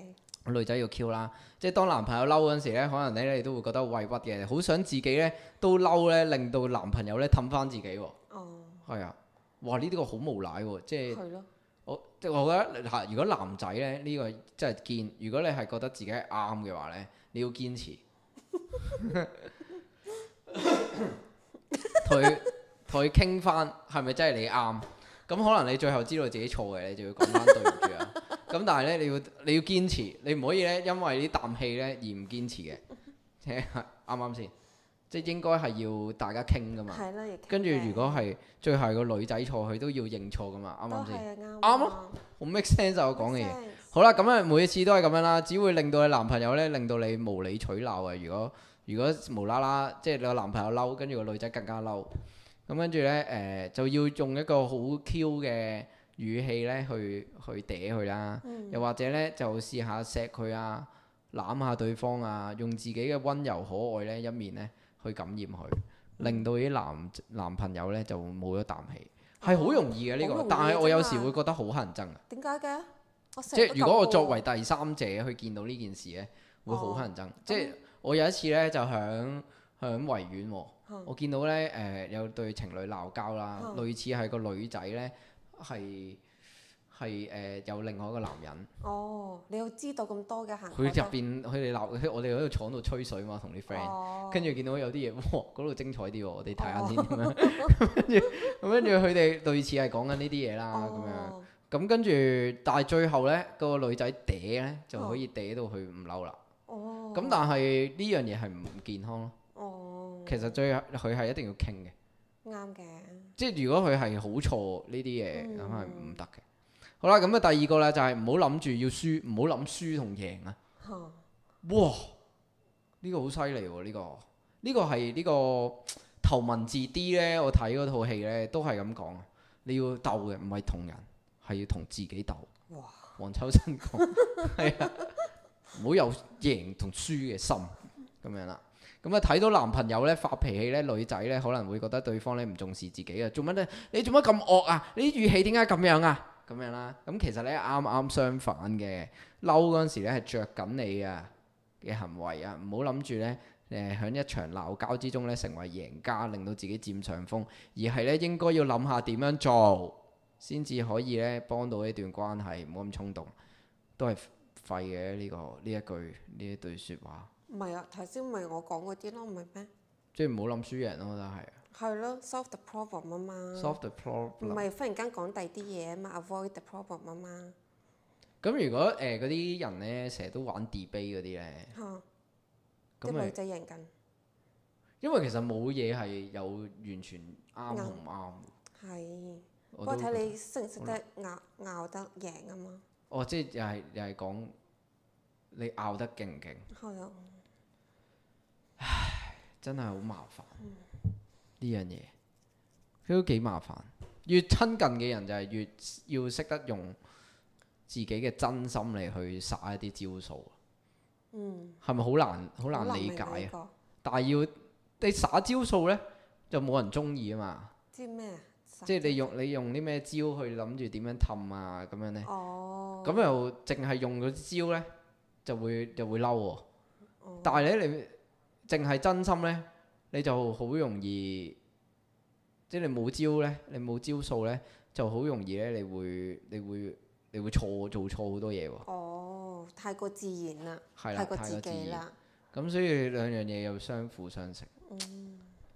女仔要 Q 啦，即係當男朋友嬲嗰陣時咧，可能你你都會覺得委屈嘅，好想自己呢都嬲呢，令到男朋友呢氹翻自己喎。哦，係啊、oh. 哎，哇！呢、這、啲個好無賴喎，即係的我即係我覺得如果男仔呢，呢、這個即係堅，如果你係覺得自己啱嘅話呢，你要堅持。同佢同佢傾翻，係咪 他 真係你啱？咁可能你最後知道自己錯嘅，你就要講翻對唔住啊。咁但係呢，你要你要堅持，你唔可以呢，因為啲啖氣呢而唔堅持嘅。聽下啱啱先？即係應該係要大家傾噶嘛。跟住如果係最後個女仔錯，佢都要認錯噶嘛？啱啱先？啱咯才，好 make sense，我講嘅嘢。 好啦，咁啊，每次都係咁樣啦，只會令到你男朋友咧，令到你無理取鬧啊！如果如果無啦啦，即係你個男朋友嬲，跟住個女仔更加嬲，咁跟住咧，誒、呃、就要用一個好 Q 嘅語氣咧，去去嗲佢啦，嗯、又或者咧就試下錫佢啊，攬下對方啊，用自己嘅溫柔可愛咧一面咧，去感染佢，令到啲男、嗯、男朋友咧就冇咗啖氣，係好、嗯、容易嘅呢個，但係我有時會覺得好乞人憎啊！點解嘅？即係如果我作為第三者去見到呢件事咧，會好乞人憎。即係我有一次咧，就響響維園，我見到咧誒有對情侶鬧交啦，類似係個女仔咧係係誒有另外一個男人。哦，你又知道咁多嘅嚇？佢入邊佢哋鬧，我哋喺度廠度吹水嘛，同啲 friend。跟住見到有啲嘢，哇！嗰度精彩啲，我哋睇下先咁樣。跟住咁跟住佢哋對此係講緊呢啲嘢啦，咁樣。咁跟住，但係最後呢，個女仔嗲呢，就可以嗲到佢唔嬲啦。哦。咁但係呢樣嘢係唔健康咯。哦、其實最佢係一定要傾嘅。啱嘅。即係如果佢係好錯呢啲嘢，咁係唔得嘅。好啦，咁啊第二個呢，就係唔好諗住要輸，唔好諗輸同贏啊。哦、呢個。哇、呢個呢個！呢個好犀利喎，呢個呢個係呢個頭文字 D 呢，我睇嗰套戲呢，都係咁講啊，你要鬥嘅，唔係同人。係要同自己鬥，黃秋生講係啊，唔好有贏同輸嘅心咁樣啦。咁啊睇到男朋友呢發脾氣呢，女仔呢，可能會覺得對方呢唔重視自己啊，做乜呢？你做乜咁惡啊？你啲語氣點解咁樣啊？咁樣啦。咁其實呢，啱啱相反嘅，嬲嗰陣時呢係著緊你啊嘅行為啊，唔好諗住呢，誒喺一場鬧交之中呢成為贏家，令到自己佔上風，而係呢應該要諗下點樣做。先至可以咧，幫到呢段關係，唔好咁衝動，都係廢嘅呢、呢個呢一句呢一對說話。唔係啊，頭先唔係我講嗰啲咯，唔係咩？即係唔好諗輸贏咯，都係。係咯，solve the problem 啊嘛。solve the problem。唔係忽然間講第二啲嘢啊嘛，avoid the problem 啊嘛。咁、嗯、如果誒嗰啲人咧，成日都玩 debate 嗰啲咧，啲女仔贏緊。因為其實冇嘢係有完全啱同唔啱。係、嗯。我睇你識唔識得拗拗難得贏啊嘛！哦，即係又係又係講你拗得勁唔勁？係啊的！唉，真係好麻煩呢樣嘢，佢都幾麻煩。越親近嘅人就係越要識得用自己嘅真心嚟去耍一啲招數。嗯，係咪好難好難理解啊？但係要你耍招數咧，就冇人中意啊嘛！知咩？即係你用你用啲咩招去諗住點樣氹啊，咁樣呢？咁、oh. 又淨係用嗰啲招呢，就會就會嬲喎、啊。Oh. 但係咧你淨係真心呢，你就好容易，即係你冇招呢，你冇招數呢，就好容易呢，你會你會你會你會錯做錯好多嘢喎、啊。哦，oh. 太過自然啦，了太過太過自然。咁了所以兩樣嘢又相輔相成。嗯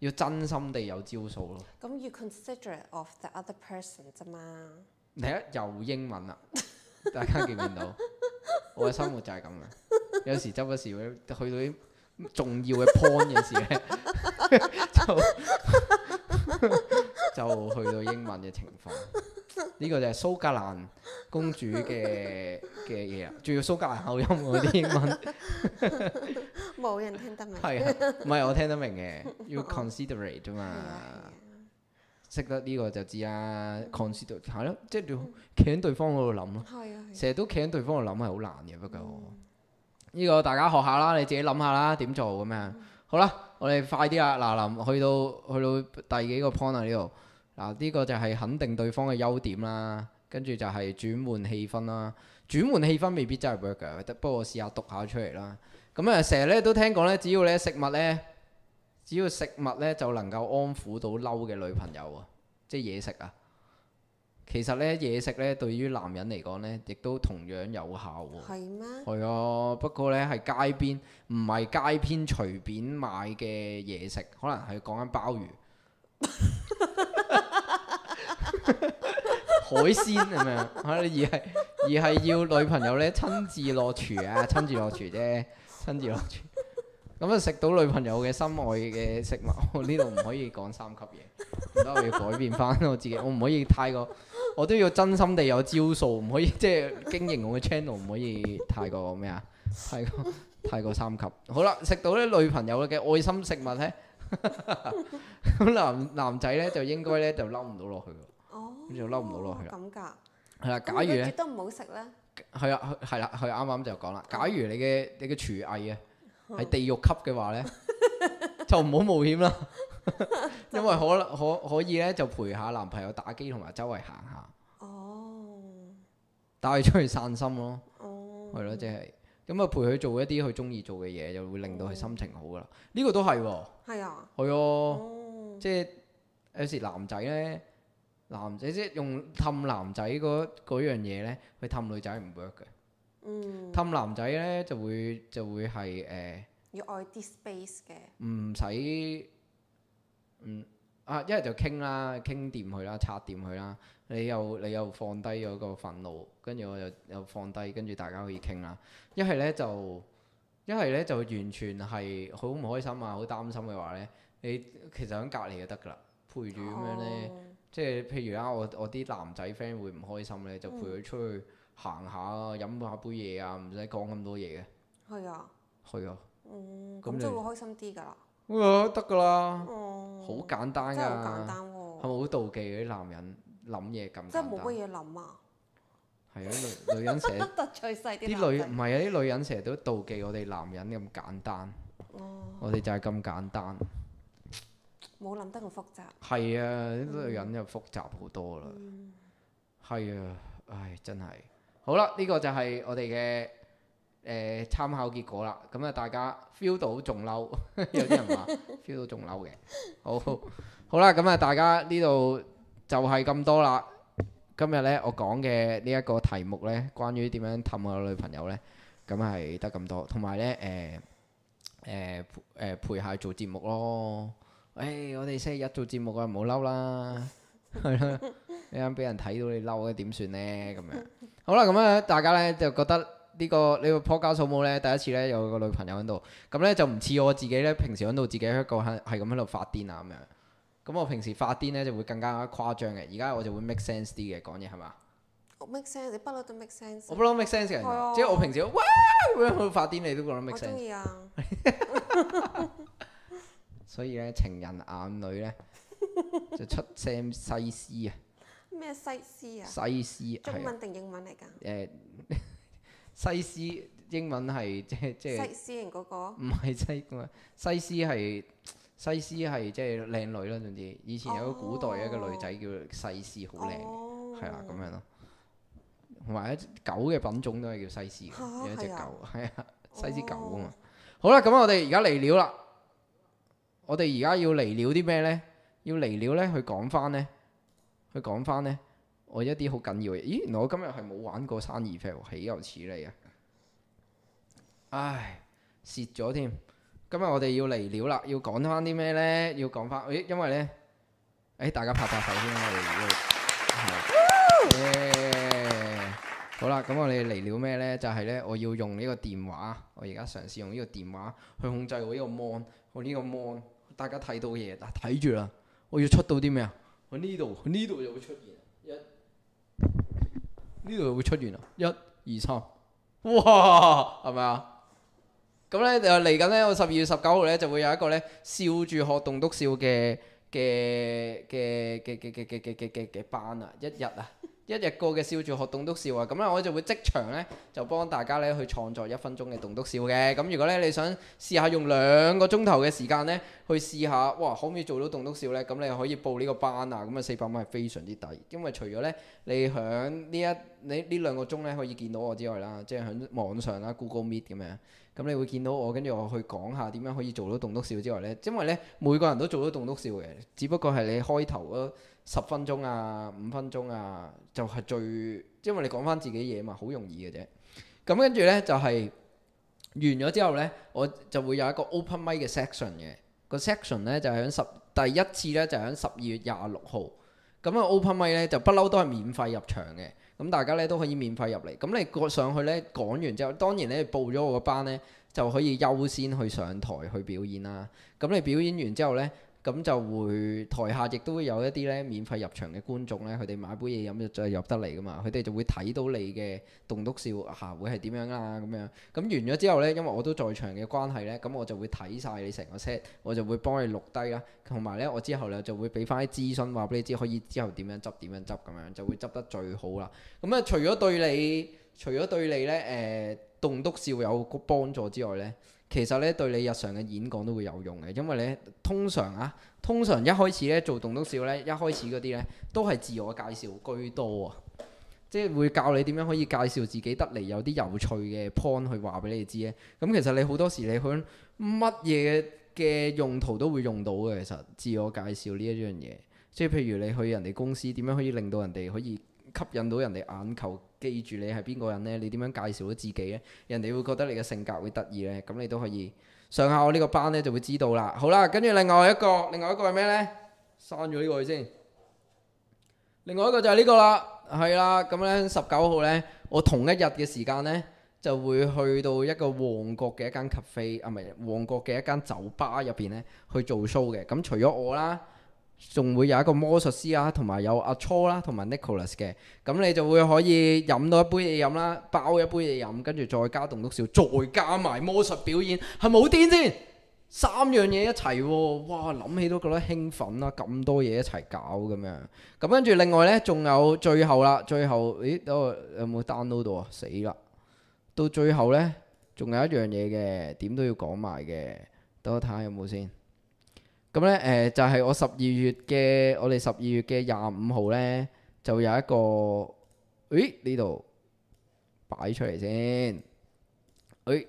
要真心地有招數咯。咁要 considerate of the other person 啫嘛。第一，又英文啦，大家見唔見到？我嘅生活就係咁嘅，有時執嗰時會去到啲重要嘅 point 嘅時咧，就就去到英文嘅情況。呢 個就係蘇格蘭公主嘅嘅嘢啊，仲要蘇格蘭口音嗰啲英文，冇 人聽得明。 係啊，唔係我聽得明嘅， 要 considerate 啫嘛。識 得呢個就知啦、啊，considerate 係咯，即係要企喺對方嗰度諗咯。係啊，成日都企喺對方度諗係好難嘅，不過呢、嗯、個大家學下啦，你自己諗下啦，點做咁樣、嗯。好啦，我哋快啲啊！嗱，林去到去到，到，到，到，到第幾個 point 啊？呢度。嗱，呢個就係肯定對方嘅優點啦，跟住就係轉換氣氛啦。轉換氣氛未必真係 work 嘅，不過試下讀下出嚟啦。咁啊，成日咧都聽講咧，只要咧食物咧，只要食物咧，就能夠安撫到嬲嘅女朋友喎，即係嘢食啊。其實咧，嘢食咧對於男人嚟講咧，亦都同樣有效喎。係咩？係啊，不過咧係街邊，唔係街邊隨便買嘅嘢食，可能係講緊鮑魚。 海鮮咁樣，而係而係要女朋友咧親自落廚啊，親自落廚啫，親自落廚。咁啊、 嗯、食到女朋友嘅心愛嘅食物，我呢度唔可以講三級嘢，唔得，我要改變翻我自己，我唔可以太過，我都要真心地有招數，唔可以即係、就是、經營我嘅 channel，唔可以太過咩啊，太過太過三級。好啦，食到咧女朋友嘅愛心食物咧，咁 男男仔咧就應該咧就嬲唔到落去。咁就嬲唔到咯～咁㗎～係、嗯、啊，假如咧～都唔好食咧～係啊，係啦，佢啱啱就講啦。假如你嘅你嘅廚藝咧，係地獄級嘅話咧，嗯、 就唔好冒險啦。因為可可可以咧，就陪下男朋友打機同埋周圍行下。哦。帶佢出去散心咯。哦、嗯。係咯，即係咁啊，陪佢做一啲佢中意做嘅嘢，就會令到佢心情好噶啦。呢、哦、個都係喎。係、嗯、啊。係哦、嗯。即係有時男仔咧～男仔即係用氹男仔嗰樣嘢咧，去氹女仔唔 work 嘅。氹、嗯、男仔咧就會就會係誒、呃、要愛啲 space 嘅，唔使唔啊一係就傾啦，傾掂佢啦，拆掂佢啦。你又你又放低咗個憤怒，跟住我又又放低，跟住大家可以傾啦。一係咧就一係咧就完全係好唔開心啊，好擔心嘅話咧，你其實喺隔籬就得噶啦，陪住咁樣咧、哦。即係譬如啦，我我啲男仔 friend 會唔開心咧，就陪佢出去行下，飲下杯嘢啊，唔使講咁多嘢嘅。係啊。係啊。咁就會開心啲㗎啦。得㗎啦。好簡單㗎。真係咁簡單喎。係咪好妒忌嗰啲男人諗嘢咁簡單？真係冇乜嘢諗啊。係啊，女女人成日。得得最細啲。啲女唔係啊，啲女人成日都妒忌我哋男人咁簡單。我哋就係咁簡單。冇諗得咁複雜，係、嗯、啊，呢個人又複雜好多啦，係、嗯、啊，唉，真係，好啦，呢、這個就係我哋嘅誒參考結果啦。咁啊，大家 feel 到仲嬲， 有啲人話 feel 到仲嬲嘅。好，好啦，咁啊，大家呢度就係咁多啦。今日呢，我講嘅呢一個題目呢，關於點樣氹我女朋友呢，咁係得咁多。同埋呢，誒、呃，誒、呃呃呃，陪下做節目咯。誒、哎，我哋星期一做節目嘅，唔好嬲啦，係咯。你啱俾人睇到你嬲，嘅點算呢？咁 樣，好啦，咁咧，大家咧就覺得、這個這個、呢個你個 podcast 好冇咧，第一次咧有個女朋友喺度，咁咧就唔似我自己咧，平時喺度自己一個係係咁喺度發癲啊咁樣。咁我平時發癲咧就會更加誇張嘅，而家我就會 make sense 啲嘅講嘢係嘛？我 make sense，你不嬲都 make sense。我不嬲 make sense 嘅、哦，即係我平時哇咁樣去發癲，你都覺得 make sense、啊。 所以咧，情人眼裏咧 就出聲西施啊，啊！咩西施啊？西施，中文定英文嚟噶？誒、嗯，西施英文係即係即係西施型嗰個？唔係西，西施係西施係即靚女啦，總之以前有個古代有一個女仔叫西施，好靚、哦，係、哦、啊咁樣咯、啊。同埋一隻狗嘅品種都係叫西施，有一隻狗係啊，狗啊 西施狗啊嘛。哦、好啦，咁我哋而家嚟料啦。我哋而家要嚟了啲咩呢？要嚟了呢？去講翻呢？去講翻呢？我有一啲好緊要嘅嘢。咦，原來我今日係冇玩過生意 feel，豈有此理啊！唉，蝕咗添。今日我哋要嚟了啦，要講翻啲咩呢？要講翻，咦，因為呢，誒，大家拍拍手先啦。我哋好啦，咁我哋嚟了咩呢？就係呢，我要用呢個電話，我而家嘗試用呢個電話去控制我呢個 mon，我呢個 mon。大家睇到嘢，嗱，睇住啦，我要出到啲咩啊？我呢度，我呢度又會出現，一呢度又會出現啊，一、二三，哇，係咪啊？咁咧就嚟緊咧，我十二月十九號咧就會有一個咧笑住學棟篤笑嘅嘅嘅嘅嘅嘅嘅嘅嘅嘅班啊，一日啊！ 一日過嘅笑住學棟篤笑啊，咁咧我就會即場咧就幫大家咧去創作一分鐘嘅棟篤笑嘅。咁如果咧你想試下用兩個鐘頭嘅時間咧去試下，哇，可唔可以做到棟篤笑咧？咁你可以報呢個班啊。咁啊四百蚊係非常之抵，因為除咗咧你響呢一你呢兩個鐘咧可以見到我之外啦，即係響網上啦，Google Meet 咁樣，咁你會見到我，跟住我去講下點樣可以做到棟篤笑之外咧，因為咧每個人都做到棟篤笑嘅，只不過係你開頭咯。十分鐘啊，五分鐘啊，就係最，因為你講翻自己嘢嘛，好容易嘅啫。咁跟住呢，就係完咗之後呢，我就會有一個 open mic 嘅 section 嘅。個 section 呢，就係響十第一次呢，就響十二月廿六號。咁啊 open mic 呢就不嬲都係免費入場嘅。咁大家呢，都可以免費入嚟。咁你過上去呢，講完之後，當然呢報咗我個班呢，就可以優先去上台去表演啦。咁你表演完之後呢。咁就會台下亦都會有一啲咧免費入場嘅觀眾咧，佢哋買杯嘢飲就再入得嚟㗎嘛。佢哋就會睇到你嘅棟篤笑嚇、啊、會係點樣啊咁樣。咁完咗之後咧，因為我都在場嘅關係咧，咁我就會睇晒你成個 set，我就會幫你錄低啦。同埋咧，我之後咧就會俾翻啲諮詢，話俾你知可以之後點樣執，點樣執咁樣，就會執得最好啦。咁咧，除咗對你，除咗對你咧，誒棟篤笑有個幫助之外咧，其實咧對你日常嘅演講都會有用嘅，因為咧通常啊，通常一開始咧做棟篤笑咧，一開始嗰啲咧都係自我介紹居多啊，即係會教你點樣可以介紹自己得嚟有啲有趣嘅 point 去話俾你知咧。咁、嗯、其實你好多時你去乜嘢嘅用途都會用到嘅，其實自我介紹呢一樣嘢，即係譬如你去人哋公司點樣可以令到人哋可以吸引到人哋眼球。記住你係邊個人呢？你點樣介紹咗自己呢？人哋會覺得你嘅性格會得意呢。咁你都可以上下我呢個班呢就會知道啦。好啦，跟住另外一個，另外一個係咩呢？刪咗呢個先。另外一個就係呢個啦，係啦。咁呢，十九號呢，我同一日嘅時間呢，就會去到一個旺角嘅一間 cafe，啊唔係旺角嘅一間酒吧入邊呢去做 show 嘅。咁除咗我啦。仲會有一個魔術師啊，同埋有阿初啦，同埋 Nicholas 嘅，咁你就會可以飲到一杯嘢飲啦，包一杯嘢飲，跟住再加棟篤笑，再加埋魔術表演，係咪好癲先？三樣嘢一齊喎，啊，哇！諗起都覺得興奮啦，咁多嘢一齊搞咁樣，咁跟住另外呢，仲有最後啦，最後咦，有冇 download 到啊？死啦！到最後呢，仲有一樣嘢嘅，點都要講埋嘅，等我睇下有冇先。咁咧，誒、呃、就係、是、我十二月嘅，我哋十二月嘅廿五號咧，就有一個，誒呢度擺出嚟先，誒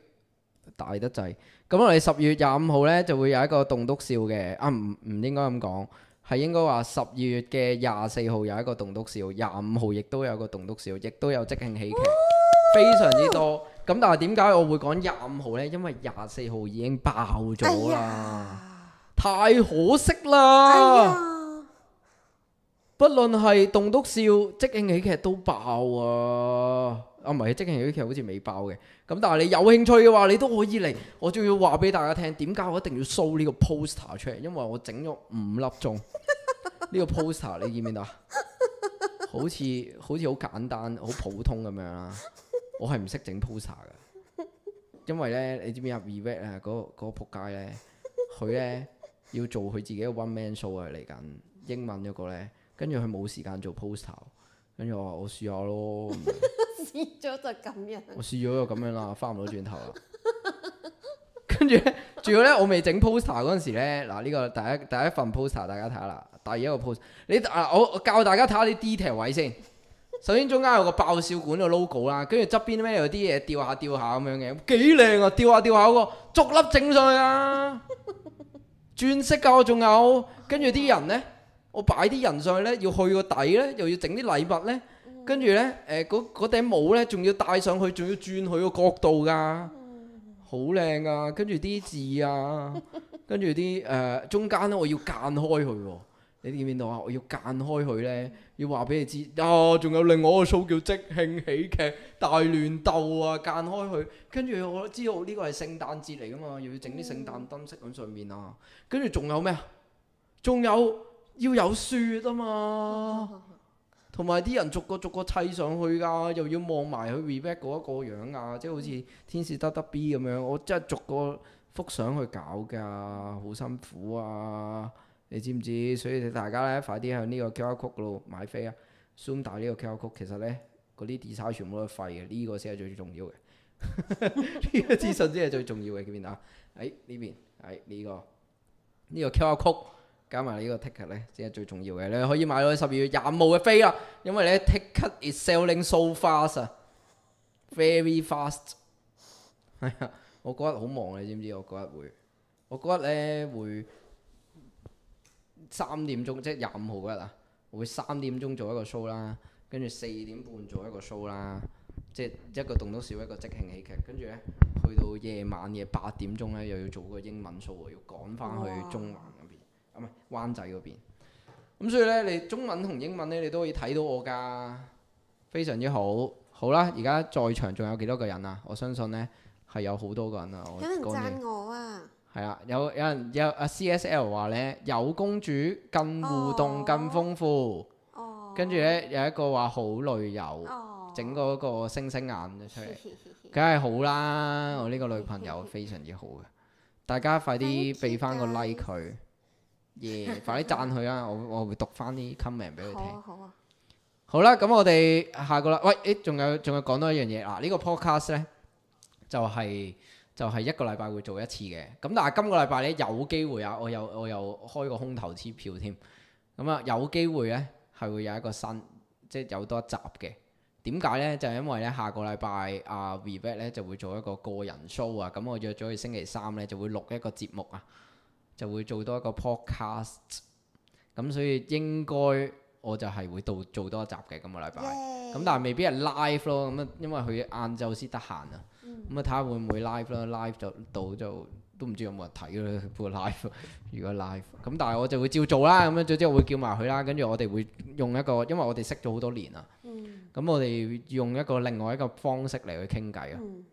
大得滯。咁我哋十二月廿五號咧，就會有一個棟篤笑嘅。啊，唔唔應該咁講，係應該話十二月嘅廿四號有一個棟篤笑，廿五號亦都有一個棟篤笑，亦都有即興喜劇，哦、非常之多。咁但係點解我會講廿五號咧？因為廿四號已經爆咗啦。哎太可惜啦！哎、呦不論係棟篤笑、即興喜劇都爆啊！啊唔係，即興喜劇好似未爆嘅。咁但係你有興趣嘅話，你都可以嚟。我仲要話俾大家聽，點解我一定要 show 呢個 poster 出嚟？因為我整咗五粒鐘呢個， 個 poster，你見唔見到啊？好似好似好簡單、好普通咁樣啦。我係唔識整 poster 嘅，因為呢，你知唔知入 Evan 啊，嗰、那、嗰個仆街呢，佢呢。 要做佢自己嘅 one man show 係嚟緊，英文一個咧，跟住佢冇時間做 poster，跟住我話我試下咯， 試咗就咁樣，我試咗就咁樣啦，翻唔到轉頭啦。跟住咧，仲有咧，我未整 poster 嗰陣時咧，嗱，呢個第一第一份 poster 大家睇下啦，第二一個 poster，你啊，我教大家睇下啲 detail 位先。首先中間有個爆笑館嘅 logo 啦，跟住側邊咩有啲嘢吊下吊下咁樣嘅，幾靚啊！吊下吊下嗰個逐粒整上去啊！ 鑽飾㗎我仲有，跟住啲人呢，我擺啲人上去呢，要去個底呢，又要整啲禮物呢，跟住呢，誒、呃、嗰頂帽呢，仲要戴上去，仲要轉佢個角度㗎，好靚啊！跟住啲字啊，跟住啲誒中間呢，我要間開佢喎，哦。你見唔見到啊？我要間開佢呢？要話俾你知啊！仲有另外一個 show 叫即興喜劇大亂鬥啊，間開佢。跟住我都知道呢個係聖誕節嚟噶嘛，又要整啲聖誕燈飾喺上面啊。跟住仲有咩啊？仲有要有雪啊嘛，同埋啲人逐個逐個砌上去㗎，又要望埋佢 reback 一個樣啊，即係好似天使得得 B 咁樣。我真係逐個幅相去搞㗎，好辛苦啊！你知唔知？所以大家咧，快啲向呢個 QR code 度買飛啊 s o m 打呢個 QR code，其實咧，嗰啲 design 全部都係廢嘅，呢、這個先係最重要嘅。呢 個資訊先係最重要嘅，邊啊？喺呢邊，喺呢、哎這個呢、這個 QR code 加埋呢個 ticket 咧，先係最重要嘅。你可以買到十二月廿五號嘅飛啦，因為咧 ticket is selling so fast 啊，very fast。 係啊，我嗰日好忙你知唔知？我嗰日會，我嗰日咧會。三點鐘即係廿五號嗰日啊，我會三點鐘做一個 show 啦，跟住四點半做一個 show 啦，即係一個棟篤笑，一個即興喜劇，跟住咧去到夜晚嘅八點鐘咧又要做個英文 show，要趕翻去中環嗰邊，啊唔係灣仔嗰邊。咁所以咧，你中文同英文咧，你都可以睇到我㗎，非常之好。好啦，而家在，在場仲有幾多個人啊？我相信咧係有好多個人啊。我有人讚我啊！係啊，有有人有啊 C S L 話咧有公主更互動更豐富，跟住咧有一個話好女友，整嗰、oh, 個，個星星眼出嚟，梗係 好啦！我呢個女朋友非常之好嘅， 大家快啲俾翻個 like 佢，耶、 yeah！快啲讚佢啊！我我會讀翻啲 comment 俾佢聽。好，啊好，啊、好啦，咁我哋下個啦。喂，仲有仲有講多一樣嘢嗱，這個、呢個 podcast 咧就係、是。就係一個禮拜會做一次嘅，咁但係今個禮拜咧有機會啊，我又我又開個空頭支票添，咁、嗯、啊有機會咧係會有一個新，即係有多一集嘅。點解咧？就係、因為咧下個禮拜啊，Rebecca 咧就會做一個個人 show 啊、嗯，咁我約咗佢星期三咧就會錄一個節目啊，就會做多一個 podcast，咁、嗯、所以應該我就係會到做多一集嘅今個禮拜，咁但係未必係 live 咯，咁啊因為佢晏晝先得閒啊。咁啊睇下會唔會 live 咯，live 就到就都唔知有冇人睇咯，播 live 如果 live 咁，但係我就會照做啦，咁樣總之會叫埋佢啦，跟住我哋會用一個，因為我哋識咗好多年啦，咁、嗯、我哋用一個另外一個方式嚟去傾偈啊，嗯、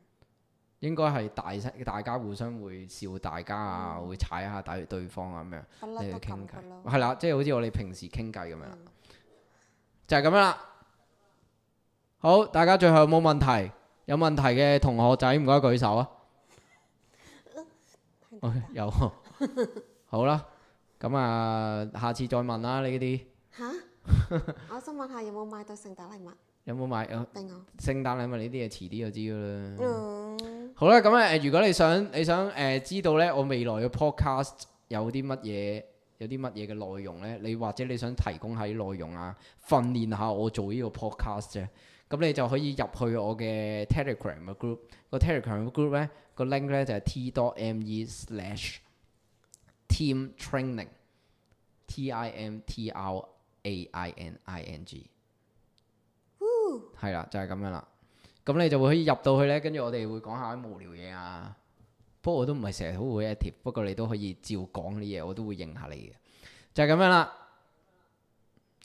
應該係大大家互相會笑大家啊，嗯、會踩下打住對方啊咁樣嚟傾偈，係啦，即係好似我哋平時傾偈咁樣，嗯、就係咁樣啦，好，大家最後冇問題？有問題嘅同學仔唔該舉手啊！ okay, 有 好啦，咁啊下次再問啦，你嗰啲吓？哈 我想問下有冇買到聖誕禮物？有冇買啊？俾、呃、我聖誕禮物呢啲嘢遲啲就知噶啦。嗯、好啦，咁啊、呃，如果你想你想誒、呃、知道呢，我未來嘅 podcast 有啲乜嘢有啲乜嘢嘅內容呢？你或者你想提供下啲內容啊，訓練下我做呢個 podcast 啫。咁你就可以入去我嘅 Telegram 嘅 group，個 Telegram 嘅 group 咧個 link 咧就係 t.me slash tim training，t i m t r a i n i n g，係啦 就係、是、咁樣啦。咁你就會可以入到去咧，跟住我哋會講下啲無聊嘢啊。不過我都唔係成日好回一帖，不過你都可以照講啲嘢，我都會應下你嘅。就係、是、咁樣啦。